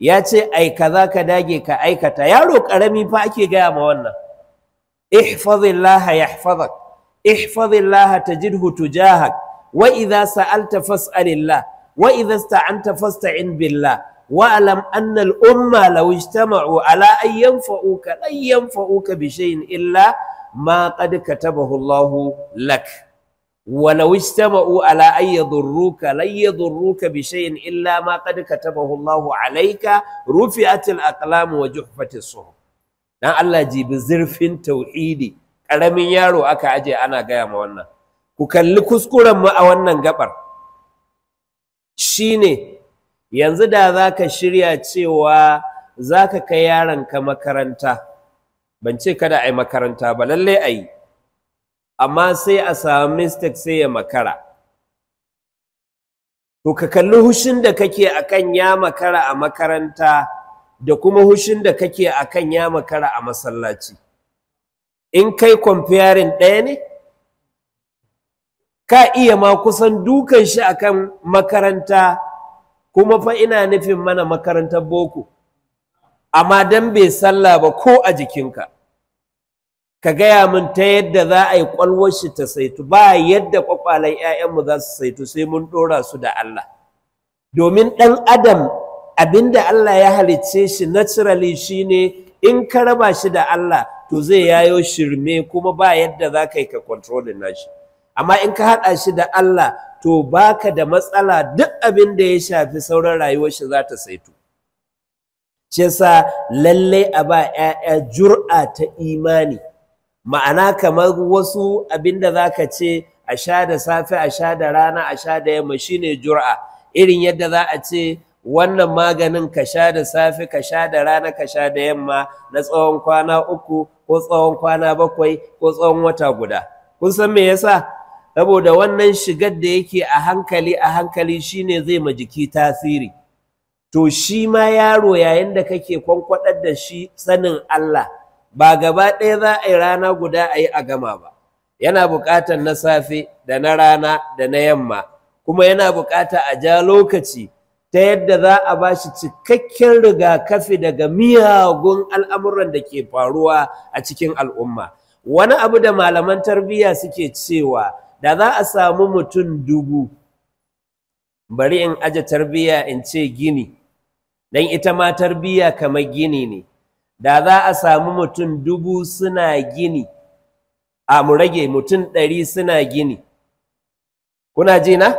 Speaker 1: ya ce ai kaza ka dage ka aikata yaro karami fa ake gaya ma wannan ihfazillah yahfazak ihfazillah tajidhu tujahak wa idza sa'alta fas'alillah wa idza ista'anta fasta'in billah wa alam anna al umma law ijtama'u ala an yanfa'uka lan yanfa'uka bi shay'in illa ma qad katabahu Allah lak ولو اجتمعوا على أن يضروك لن يضروك بشيء إلا ما قد كتبه الله عليك رفعت الأقلام وجحفت الصحف dan Allah jibi zurfin tauhidi ƙaramin yaro aka aje ana gaya ma wannan ku kalli kuskuren mu a wannan gabar shine yanzu da zaka shirya cewa zaka kai yaron ka makaranta ban ce kada ai makaranta ba lalle ai amma sai a samu mistake sai ya makara to ka kalli hushin da kake akan ya makara a makaranta da kuma hushin da kake akan ya makara a masallaci in kai comparing ɗaya ne ka iya ma kusan dukan shi akan makaranta kuma fa ina nufin mana makarantar boko amma dan bai sallah ba ko a jikinka ka gaya mun ta yadda za a yi ƙwalwar shi ta saitu ba yadda ƙwaƙwalen 'ya'yanmu za su saitu sai mun ɗora su da Allah domin ɗan adam abinda Allah ya halicce shi naturally ne in ka raba shi da Allah to zai yayo shirme kuma ba yadda za ka yi ka controlling nashi amma in ka haɗa shi da Allah to baka da matsala duk abin da ya shafi sauran rayuwar shi za ta saitu shi yasa lallai a ba 'ya'ya jur'a ta imani ma'ana kamar wasu abinda za ka ce a sha da safe a sha da rana a sha da yamma shine jur'a irin yadda za a ce wannan maganin ka sha da safe ka sha da rana ka sha da yamma na tsawon kwana uku ko tsawon kwana bakwai ko tsawon wata guda kun san me yasa saboda wannan shigar da yake a hankali a hankali shine zai ma jiki tasiri to shi ma yaro yayin da kake kwankwadar da shi sanin Allah ba gaba ɗaya za a yi rana guda a yi a gama ba yana buƙatar na safe da na rana da na yamma kuma yana buƙata a ja lokaci ta yadda za a ba shi cikakken rigakafi daga miyagun al'amuran da ke faruwa a cikin al'umma wani abu da malaman tarbiyya suke cewa da za a samu mutum dubu bari in aje tarbiyya in ce gini don ita ma tarbiyya kamar gini ne da za a samu mutum dubu suna gini a mu rage mutum ɗari suna gini kuna ji na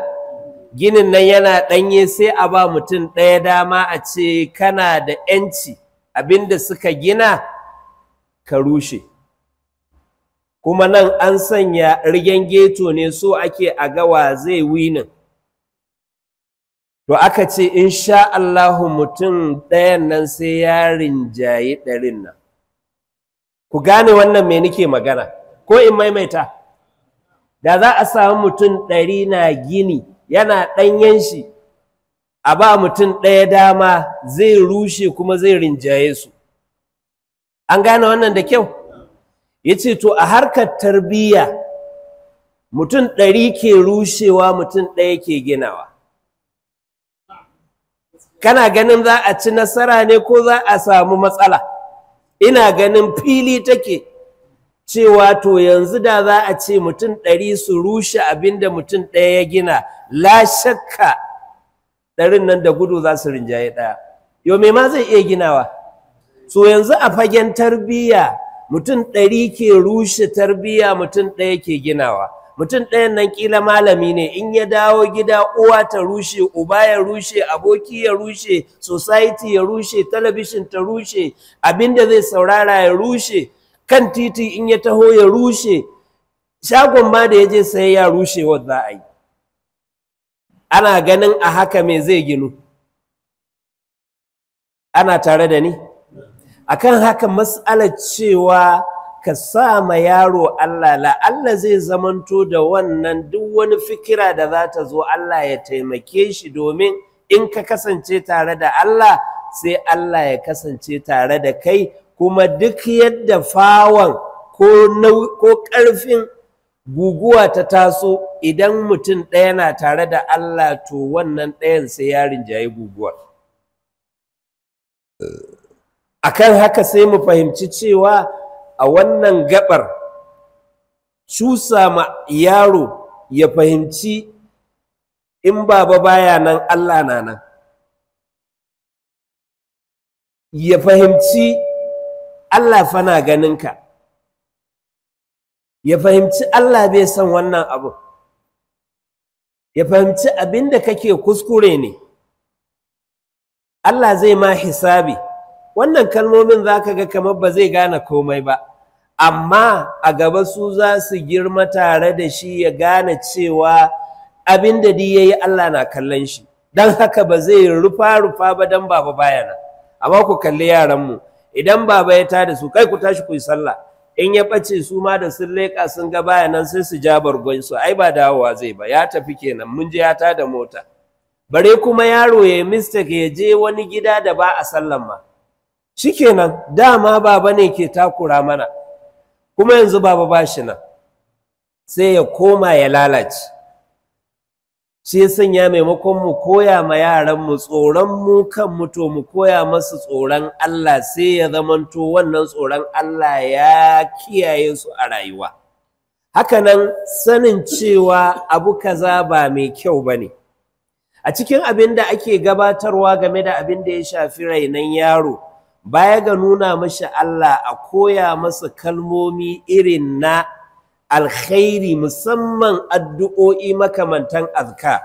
Speaker 1: ginin nan yana ɗanye sai a ba mutum ɗaya dama a ce kana da ‘yanci abinda suka gina ka rushe kuma nan an sanya rigen geto ne so ake a gawa zai winin to aka ce in sha Allahu mutum ɗayan nan sai ya rinjaye ɗarin nan ku gane wannan me nake magana ko in maimaita da za a samu mutum ɗari na gini yana ɗanyen shi a ba mutum ɗaya dama zai rushe kuma zai rinjaye su an gane wannan da kyau ya ce to a harkar tarbiyya mutum ɗari ke rushewa mutum ɗaya ke ginawa kana ganin za a ci nasara ne ko za a samu matsala ina ganin fili take cewa to yanzu da za a ce mutum ɗari su rushe abinda mutum ɗaya ya gina la shakka ɗarin nan da gudu za su rinjaye ɗaya yau me ma zai iya ginawa so yanzu a fagen tarbiyya mutum ɗari ke rushe tarbiyya mutum ɗaya ke ginawa mutum ɗayan nan kila malami ne in ya dawo gida uwa ta rushe uba ya rushe aboki ya rushe society ya rushe talabishin ta rushe da zai saurara ya rushe kan titi in ya taho ya rushe shagon ba da ya je sai ya rushe za a yi ana ganin a haka mai zai ginu ana tare da ni akan haka mas'alar cewa ka sa ma yaro Allah Allah zai zamanto da wannan duk wani fikira da za ta zo Allah ya taimake shi domin in ka kasance tare da Allah sai Allah ya kasance tare da kai kuma duk yadda fawan ko ƙarfin guguwa ta taso idan mutum ɗaya na tare da Allah to wannan ɗayan sai yarin jayi guguwa akan haka sai mu fahimci cewa a wannan gabar cusa ma yaro ya fahimci in baba baya nan Allah na nan ya fahimci Allah fana ganinka ya fahimci Allah bai son wannan abu ya fahimci abinda da kake kuskure ne Allah zai ma hisabi wannan kalmomin za ka ga kamar ba zai gane komai ba amma a gaba su za su girma tare da shi ya gane cewa abin da di ya yi Allah na kallon shi don haka ba zai rufa rufa ba don baba bayana amma ku kalli yaranmu idan baba ya tada su kai ku tashi ku yi sallah in ya ɓace su ma da sun leƙa sun ga bayanan sai su ja bargon su ai ba dawowa zai ba ya tafi kenan mun je ya tada mota bare kuma yaro ya yi ya je wani gida da ba a sallan ma shikenan dama baba ne ke takura mana kuma yanzu baba ba shi nan sai ya koma ya lalace shi sanya maimakon mu koya ma yaran mu tsoron mu kan muto mu koya masu tsoron Allah sai ya zamanto wannan tsoron Allah ya kiyaye su a rayuwa Haka nan, sanin cewa abu kaza ba mai kyau bane a cikin abin da ake gabatarwa game da abin da ya shafi rainan yaro baya ga nuna mashi Allah a koya masa kalmomi irin na alkhairi musamman addu'o'i makamantan azka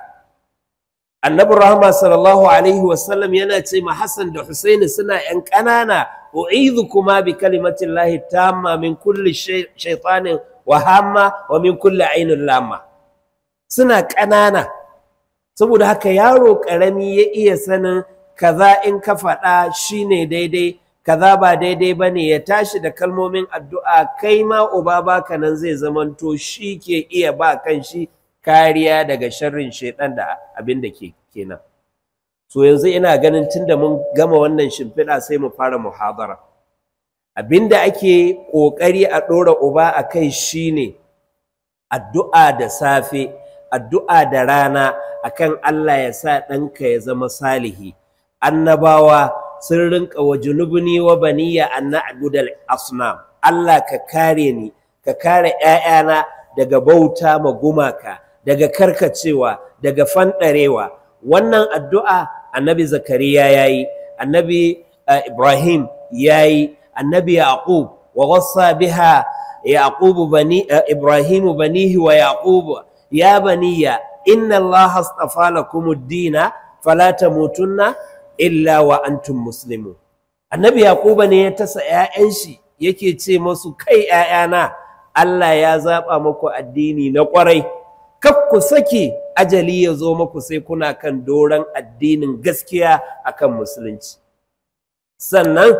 Speaker 1: annabi rahma sallallahu alaihi wasallam yana ce ma Hassan da Husaini suna yan ƙanana kuma bi kalimatin lahi tamma min kulli shaitanin wa hamma wa min kulli ainin lama suna ƙanana saboda haka yaro ƙarami ya iya sanin kaza in ka faɗa shi ne daidai kaza ba daidai ba ne ya tashi da kalmomin addu'a kai ma uba baka nan zai zamanto shi ke iya ba kan shi kariya daga sharrin shaidan da abin da ke kenan so yanzu ina ganin tun da mun gama wannan shimfiɗa sai mu fara muhabara Abin da ake ƙoƙari a ɗora uba a kai shi ne, addu'a da safe addu'a da rana akan Allah ya sa ɗanka ya zama salihi annabawa sun rinka wa junubni wa baniya an na'budal asnam Allah ka kare ni ka kare ƴaƴana daga bauta ma gumaka daga karkacewa daga fanɗarewa wannan addu'a annabi zakariya yayi annabi eh, ibrahim yayi annabi yaqub wa wassa biha yaqub bani eh, ibrahim banihi wa yaqub ya baniya inna allaha astafa lakum ad-dina fala tamutunna illa wa antum muslimu annabi yaquba ne ya tasa ƴaƴan shi yake ce masu kai ƴaƴana Allah ya zaba muku addini na kwarai kaf ku saki ajali ya zo muku sai kuna kan doran addinin gaskiya akan musulunci sannan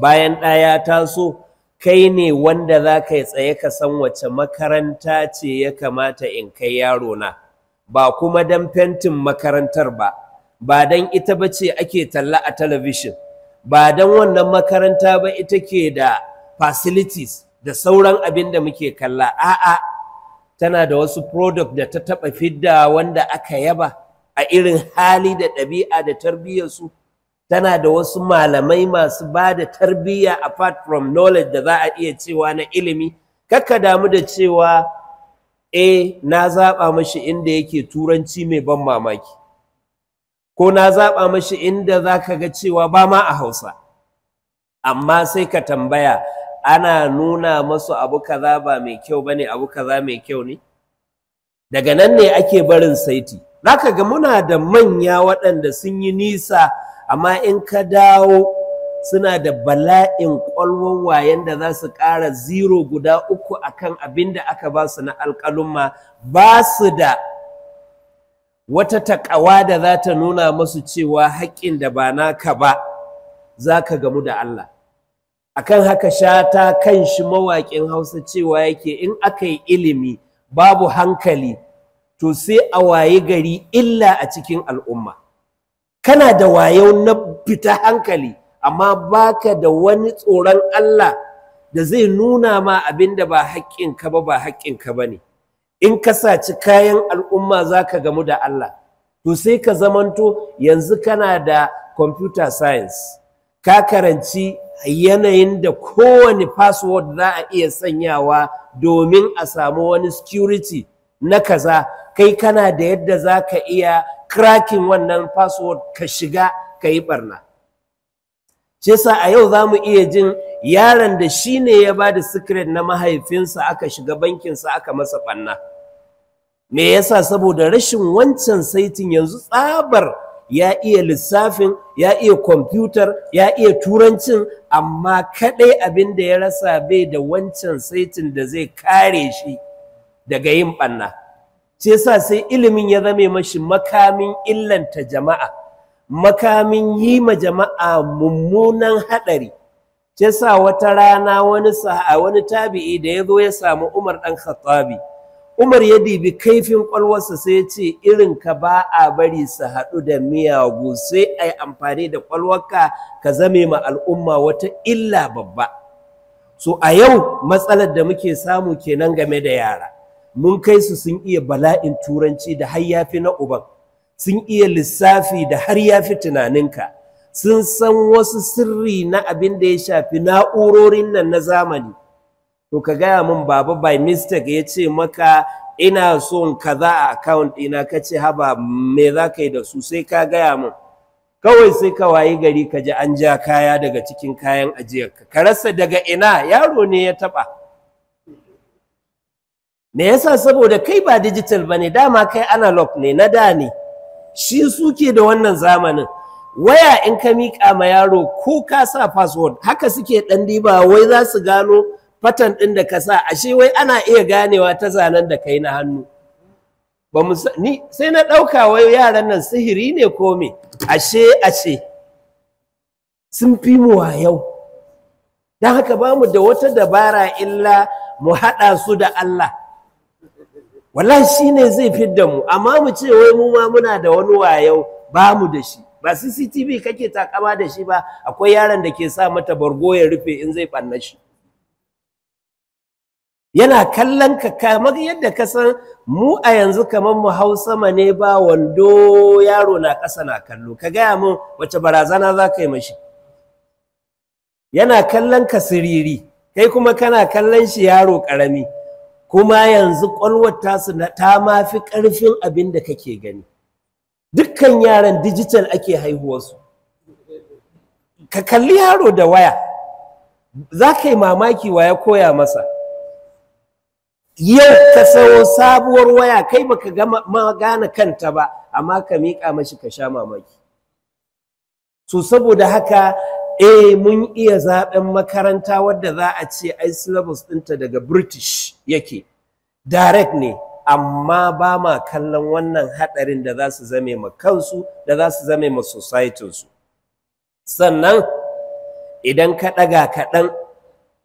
Speaker 1: bayan ɗaya taso kai ne wanda za ka tsaye ka san wace makaranta ce ya kamata in kai yaro na ba kuma dan fentin makarantar ba ba dan ita bace ake talla a television ba dan wannan makaranta ba ita ke da facilities da sauran abin da muke kalla a'a tana da wasu product da ta taba fidda wanda aka yaba a irin hali da ɗabi'a da tarbiyyarsu tana da wasu malamai masu ba da tarbiyya apart from knowledge da za a iya cewa na ilimi kakka damu da cewa eh na zaba mashi inda yake turanci mai ban mamaki ko na zaɓa mashi inda za ka ga cewa ba ma a hausa amma sai ka tambaya ana nuna masu abu kaza ba mai kyau ba ne abu kaza mai kyau ne daga nan ne ake barin saiti za ka ga muna da manya waɗanda sun yi nisa amma in ka dawo suna da bala'in ƙwalwar wayan da za su ƙara ziro guda uku akan abin da aka ba su na alƙalumma ba su da wata taƙawa da za ta nuna masu cewa haƙƙin da ba naka ba za ka gamu da Allah akan haka shata kan shi mawaƙin hausa cewa yake in aka yi ilimi babu hankali to sai a waye gari illa a cikin al'umma kana da wayo na fita hankali amma baka da wani tsoron Allah da zai nuna ma abin da ba haƙƙinka ba ba haƙƙinka ba ne in ka saci kayan al'umma za ka gamu da Allah to sai ka zamanto yanzu kana da computer science ka karanci yanayin da kowane password za a iya sanyawa domin a samu wani security na kaza kai kana da yadda za ka iya cracking wannan password ka shiga ka yi barna shi a yau za mu iya jin yaron da shi ne ya ba da secret na mahaifinsa aka shiga bankinsa aka masa ɓanna me yasa saboda rashin wancan saitin yanzu tsabar ya iya lissafin ya iya kwamfutar ya iya turancin amma kaɗai abin da ya rasa bai da wancan saitin da zai kare shi daga yin ɓanna ce sa sai ilimin ya zame mashi makamin illanta jama'a makamin yi ma jama'a mummunan haɗari yasa wata rana wani wani tabi'i da ya zo ya samu Umar ɗan Khattabi Umar ya dibi kaifin kwalwarsa sai ya ce irin ka ba a bari su haɗu da miyagu sai a yi amfani da ƙwalwarka ka zame ma al'umma wata illa babba so a yau matsalar da muke samu kenan game da yara mun kai su sun iya bala'in turanci da har yafi na uban sun iya lissafi da har yafi tunaninka sun san wasu sirri na abin da ya shafi na'urorin nan na zamani to ka gaya min baba by mistake ya ce maka ina son kaza a account ɗina ka ce haba me za ka yi da su sai ka gaya min kawai sai ka wayi gari ka ji an ja kaya daga cikin kayan ajiyarka ka rasa daga ina yaro ne ya taɓa me yasa saboda kai ba digital ba ne dama kai analog ne na da ne shi suke da wannan zamanin waya in ka miƙa ma yaro ko ka sa password haka suke ɗan diba wai za su gano fatan ɗin da ka sa ashe wai ana iya ganewa ta zanen da kai na hannu ba mu ni sai na ɗauka wai yaran nan sihiri ne ko me ashe ashe sun fi mu yau don haka ba mu da wata dabara illa mu haɗa su da Allah wallahi shi ne zai fidda mu amma mu ce wai mu ma muna da wani wayau ba mu da shi ba CCTV kake takama da shi ba akwai yaron da ke sa mata bargo ya rufe in zai banna shi yana kallon ka kamar yadda ka san mu a yanzu kamar mu Hausa mane ne ba wando yaro na ƙasa na kallo ka gaya min wace barazana za ka yi mashi yana kallon ka siriri kai kuma kana kallon shi yaro karami kuma yanzu kwalwar tasu na ta ma fi ƙarfin abin da kake gani dukkan yaran digital ake haihuwarsu ka kalli yaro da waya za ka yi mamaki wa ya koya masa yau ka sayo sabuwar waya kai baka gama gane kanta ba amma ka miƙa mashi ka sha mamaki so saboda haka eh mun iya zaɓen makaranta wadda za a ce ai syllabus ɗinta daga british yake direct ne amma ba ma kallon wannan haɗarin da za su zame ma kansu da za su zame ma societinsu sannan idan ka ɗaga kaɗan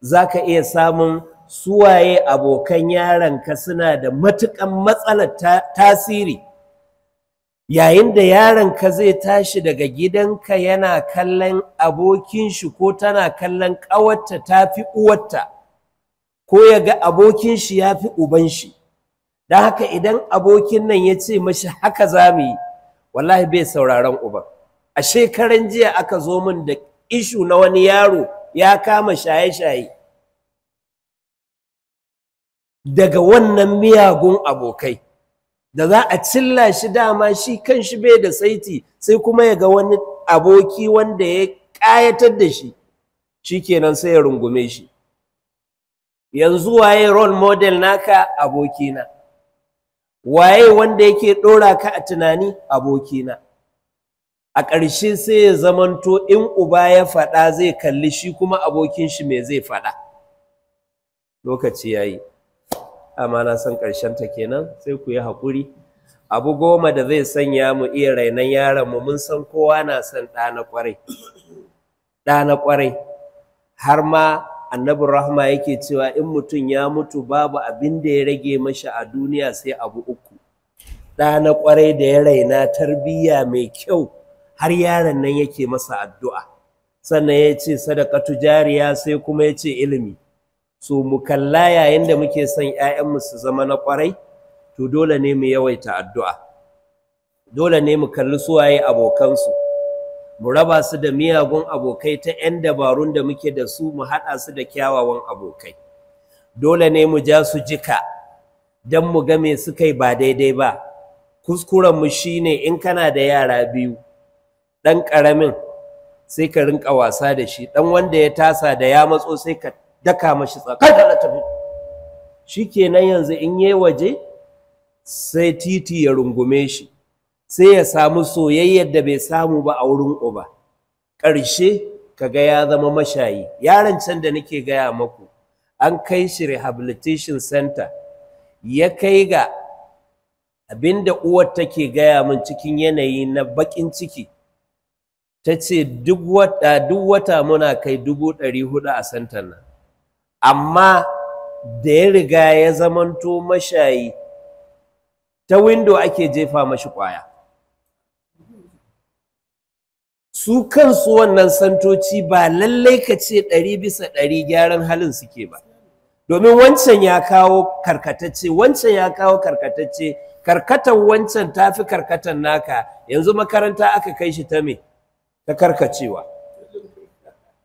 Speaker 1: za ka iya samun suwaye abokan yaranka suna da matuƙan matsalar tasiri yayin da yaranka zai tashi daga gidanka yana kallon abokin shi ko tana kallon ƙawarta ta fi uwarta ko ya ga abokin shi ya fi uban shi don haka idan abokin nan ya ce mashi haka za mu yi wallahi bai sauraron uban a shekaran jiya aka zo min da ishu na wani yaro ya kama shaye-shaye daga wannan miyagun abokai da za a cilla shi dama shi kan shi bai da saiti sai kuma ya ga wani aboki wanda ya ƙayatar da shi shi kenan sai ya rungume shi yanzu waye role model naka abokina waye wanda yake ɗora ka a tunani abokina a ƙarshe sai ya zamanto in uba ya faɗa zai kalli shi kuma abokin shi me zai faɗa lokaci ya yi amma na san ta kenan sai ku yi haƙuri abu goma da zai sanya mu iya rainon yaronmu mun san kowa na son ɗa na ƙwarai har ma annabin rahma yake cewa in mutum ya mutu babu abin da ya rage mashi a duniya sai abu uku ɗa na ƙwarai da ya raina tarbiyya mai kyau har yaron nan yake masa addu'a sannan ya ce sadakatu jariya sai kuma ya ce ilimi so mu kalla yayin da muke son 'ya'yanmu su zama na ƙwarai to dole ne mu yawaita addu'a dole ne mu kalli suwaye abokansu mu raba su da miyagun abokai ta 'yan dabarun da muke da su mu haɗa su da kyawawan abokai dole ne mu ja su jika don mu ga me suka yi ba daidai ba kuskurenmu shi ne in kana da yara biyu ɗan ƙaramin sai ka rinka wasa da shi ɗan wanda ya tasa da ya matso sai ka daka mashi tsakar da tafi shi kenan yanzu in yi waje sai titi ya rungume shi sai ya samu soyayyar da bai samu ba a wurin uba ƙarshe kaga ya zama mashayi yaron can da nake gaya maku an kai shi rehabilitation center ya kai ga abinda uwar take gaya min cikin yanayi na baƙin ciki ta ce duk wata muna kai dubu ɗari hudu a santan nan amma da ya riga ya zamanto mashayi ta window ake jefa mashi kwaya. su kansu wannan santoci ba lallai ka ce ɗari bisa ɗari gyaran halin suke ba domin wancan ya kawo karkatacce wancan ya kawo karkatacce karkatan wancan ta fi karkatan naka yanzu makaranta aka kai shi ta me ta karkacewa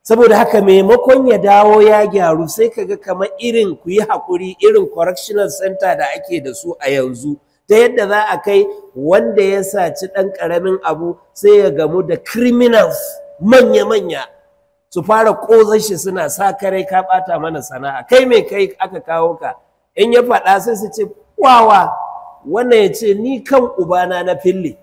Speaker 1: saboda haka maimakon ya dawo ya gyaru sai kaga kamar irin ku yi haƙuri irin correctional center da ake da su a yanzu ta yadda za a kai wanda ya saci ɗan ƙaramin abu sai ya gamu da criminals manya-manya su fara ƙozashi suna sa kare ka ɓata mana sana'a kai mai kai aka kawo ka in ya faɗa sai su ce wawa wannan ya ce ni kan ubana na fili.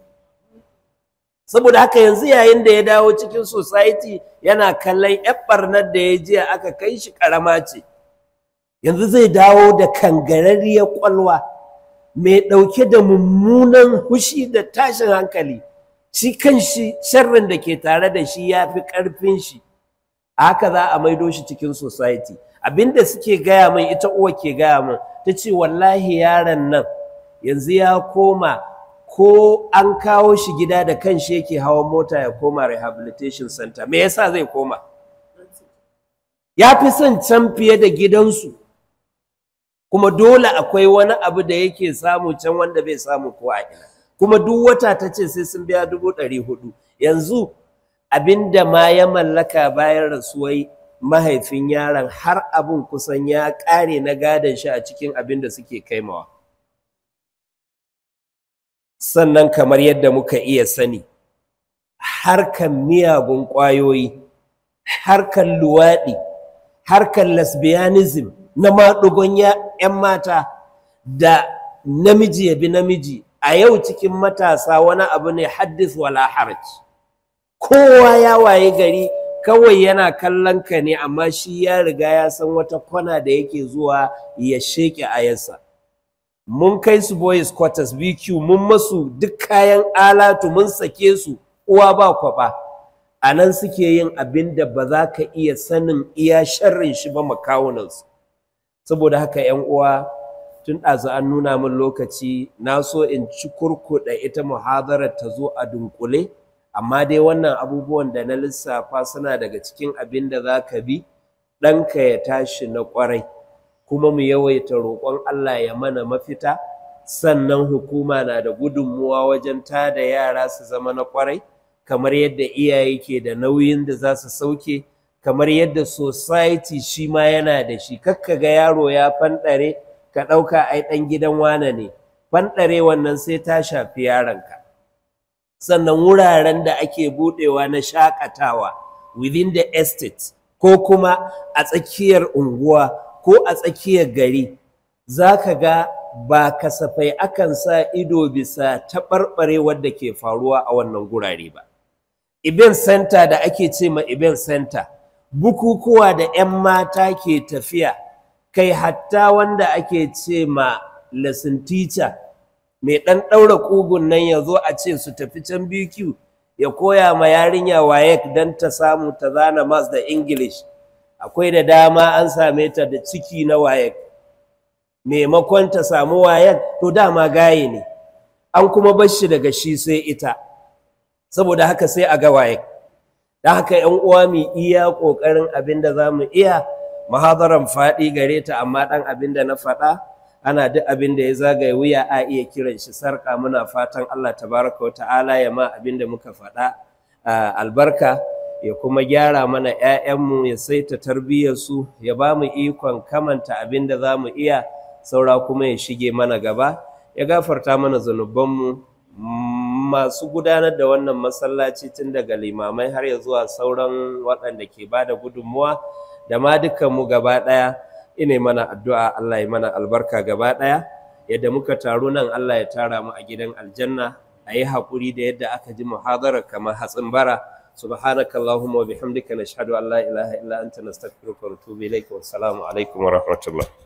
Speaker 1: saboda haka yanzu yayin da ya dawo cikin society yana kallon yan ɓarnar da ya jiya aka kai shi ƙarama ce yanzu zai dawo da kangarariyar ƙwalwa mai ɗauke da mummunan hushi da tashin hankali shi kan shi sharrin da ke tare da shi ya fi ƙarfin shi haka za a maido shi cikin society abinda suke gaya min ita uwa ke gaya min ta ce wallahi yaron nan yanzu ya koma ko an kawo shi gida da kan shi yake hawan mota ya koma rehabilitation center me yasa zai koma ya fi son can fiye da gidansu kuma dole akwai wani abu da yake samu can wanda bai samu ko a ina kuma duk wata ta ce sai sun biya dubu ɗari hudu yanzu abin da ma ya mallaka bayan rasuwai mahaifin yaron har abin kusan ya ƙare na gadon shi a cikin abin da suke kaimawa sannan kamar yadda muka iya sani harkan miyagun ƙwayoyi harkan luwaɗi harkan lesbianism na maɗugon 'yan mata da namiji ya bi namiji a yau cikin matasa wani abu ne haddis wala kowa ya waye gari kawai yana kallon ka ne amma shi ya riga ya san wata kwana da yake zuwa ya sheke yasa. mun kai su boys quarters BQ mun masu duk kayan alatu mun sake su uwa ba kwaba a nan suke yin abin da ba za ka iya sanin iya sharrin shi ba makawunansu saboda haka yan uwa tun ɗazu an nuna min lokaci na so in ci kurkuɗa ita muhadarar ta zo a dunkule amma dai wannan abubuwan da na lissafa suna daga cikin abin da za ka bi ɗanka ya tashi na ƙwarai kuma mu yawaita roƙon Allah ya mana mafita sannan hukuma na da gudunmuwa wajen tada yara su zama na ƙwarai kamar yadda iyaye ke da nauyin da za su sauke kamar yadda society shi ma yana da shi kakka ga yaro ya fanɗare ka ɗauka ai ɗan gidan wane ne fanɗare wannan sai ta shafi yaranka. sannan wuraren da ake buɗewa na shakatawa within the estate ko kuma a tsakiyar unguwa ko a tsakiyar gari za ka ga ba kasafai akan sa ido bisa taɓarɓarewar da ke faruwa a wannan gurare ba event center da ake ce ma event center bukukuwa da 'yan mata ke tafiya kai hatta wanda ake ce ma lesson teacher mai ɗan ɗaura ƙugun nan ya zo a ce su tafi can BQ ya koya ma yarinya wayek don ta samu ta zana mas da English akwai da dama an same ta da ciki na waye maimakon ta samu waye to dama gaye ne an kuma bar shi daga shi sai ita saboda haka sai a ga wayek da haka yan uwa mu iya kokarin abin da za mu iya mahadaran faɗi gare ta amma dan abin da na faɗa ana duk abin da ya zagaye wuya a iya kiran shi sarka muna fatan Allah tabaraka wa ta'ala ya ma abin da muka faɗa albarka ya kuma gyara mana ƴaƴanmu ya saita su ya ba mu ikon kamanta abin da za mu iya saura kuma ya shige mana gaba ya gafarta mana mu. masu gudanar da wannan masallaci tun daga limamai har ya zuwa sauran waɗanda ke ba da gudunmuwa da ma dukkanmu gaba ɗaya ine mana addu'a Allah ya mana albarka gaba ɗaya yadda muka taru nan Allah ya tara mu a gidan aljanna a yi haƙuri da yadda aka ji muhadarar kamar hatsin bara سبحانك اللهم وبحمدك نشهد أن لا إله إلا أنت نستغفرك ونتوب إليك والسلام عليكم wa الله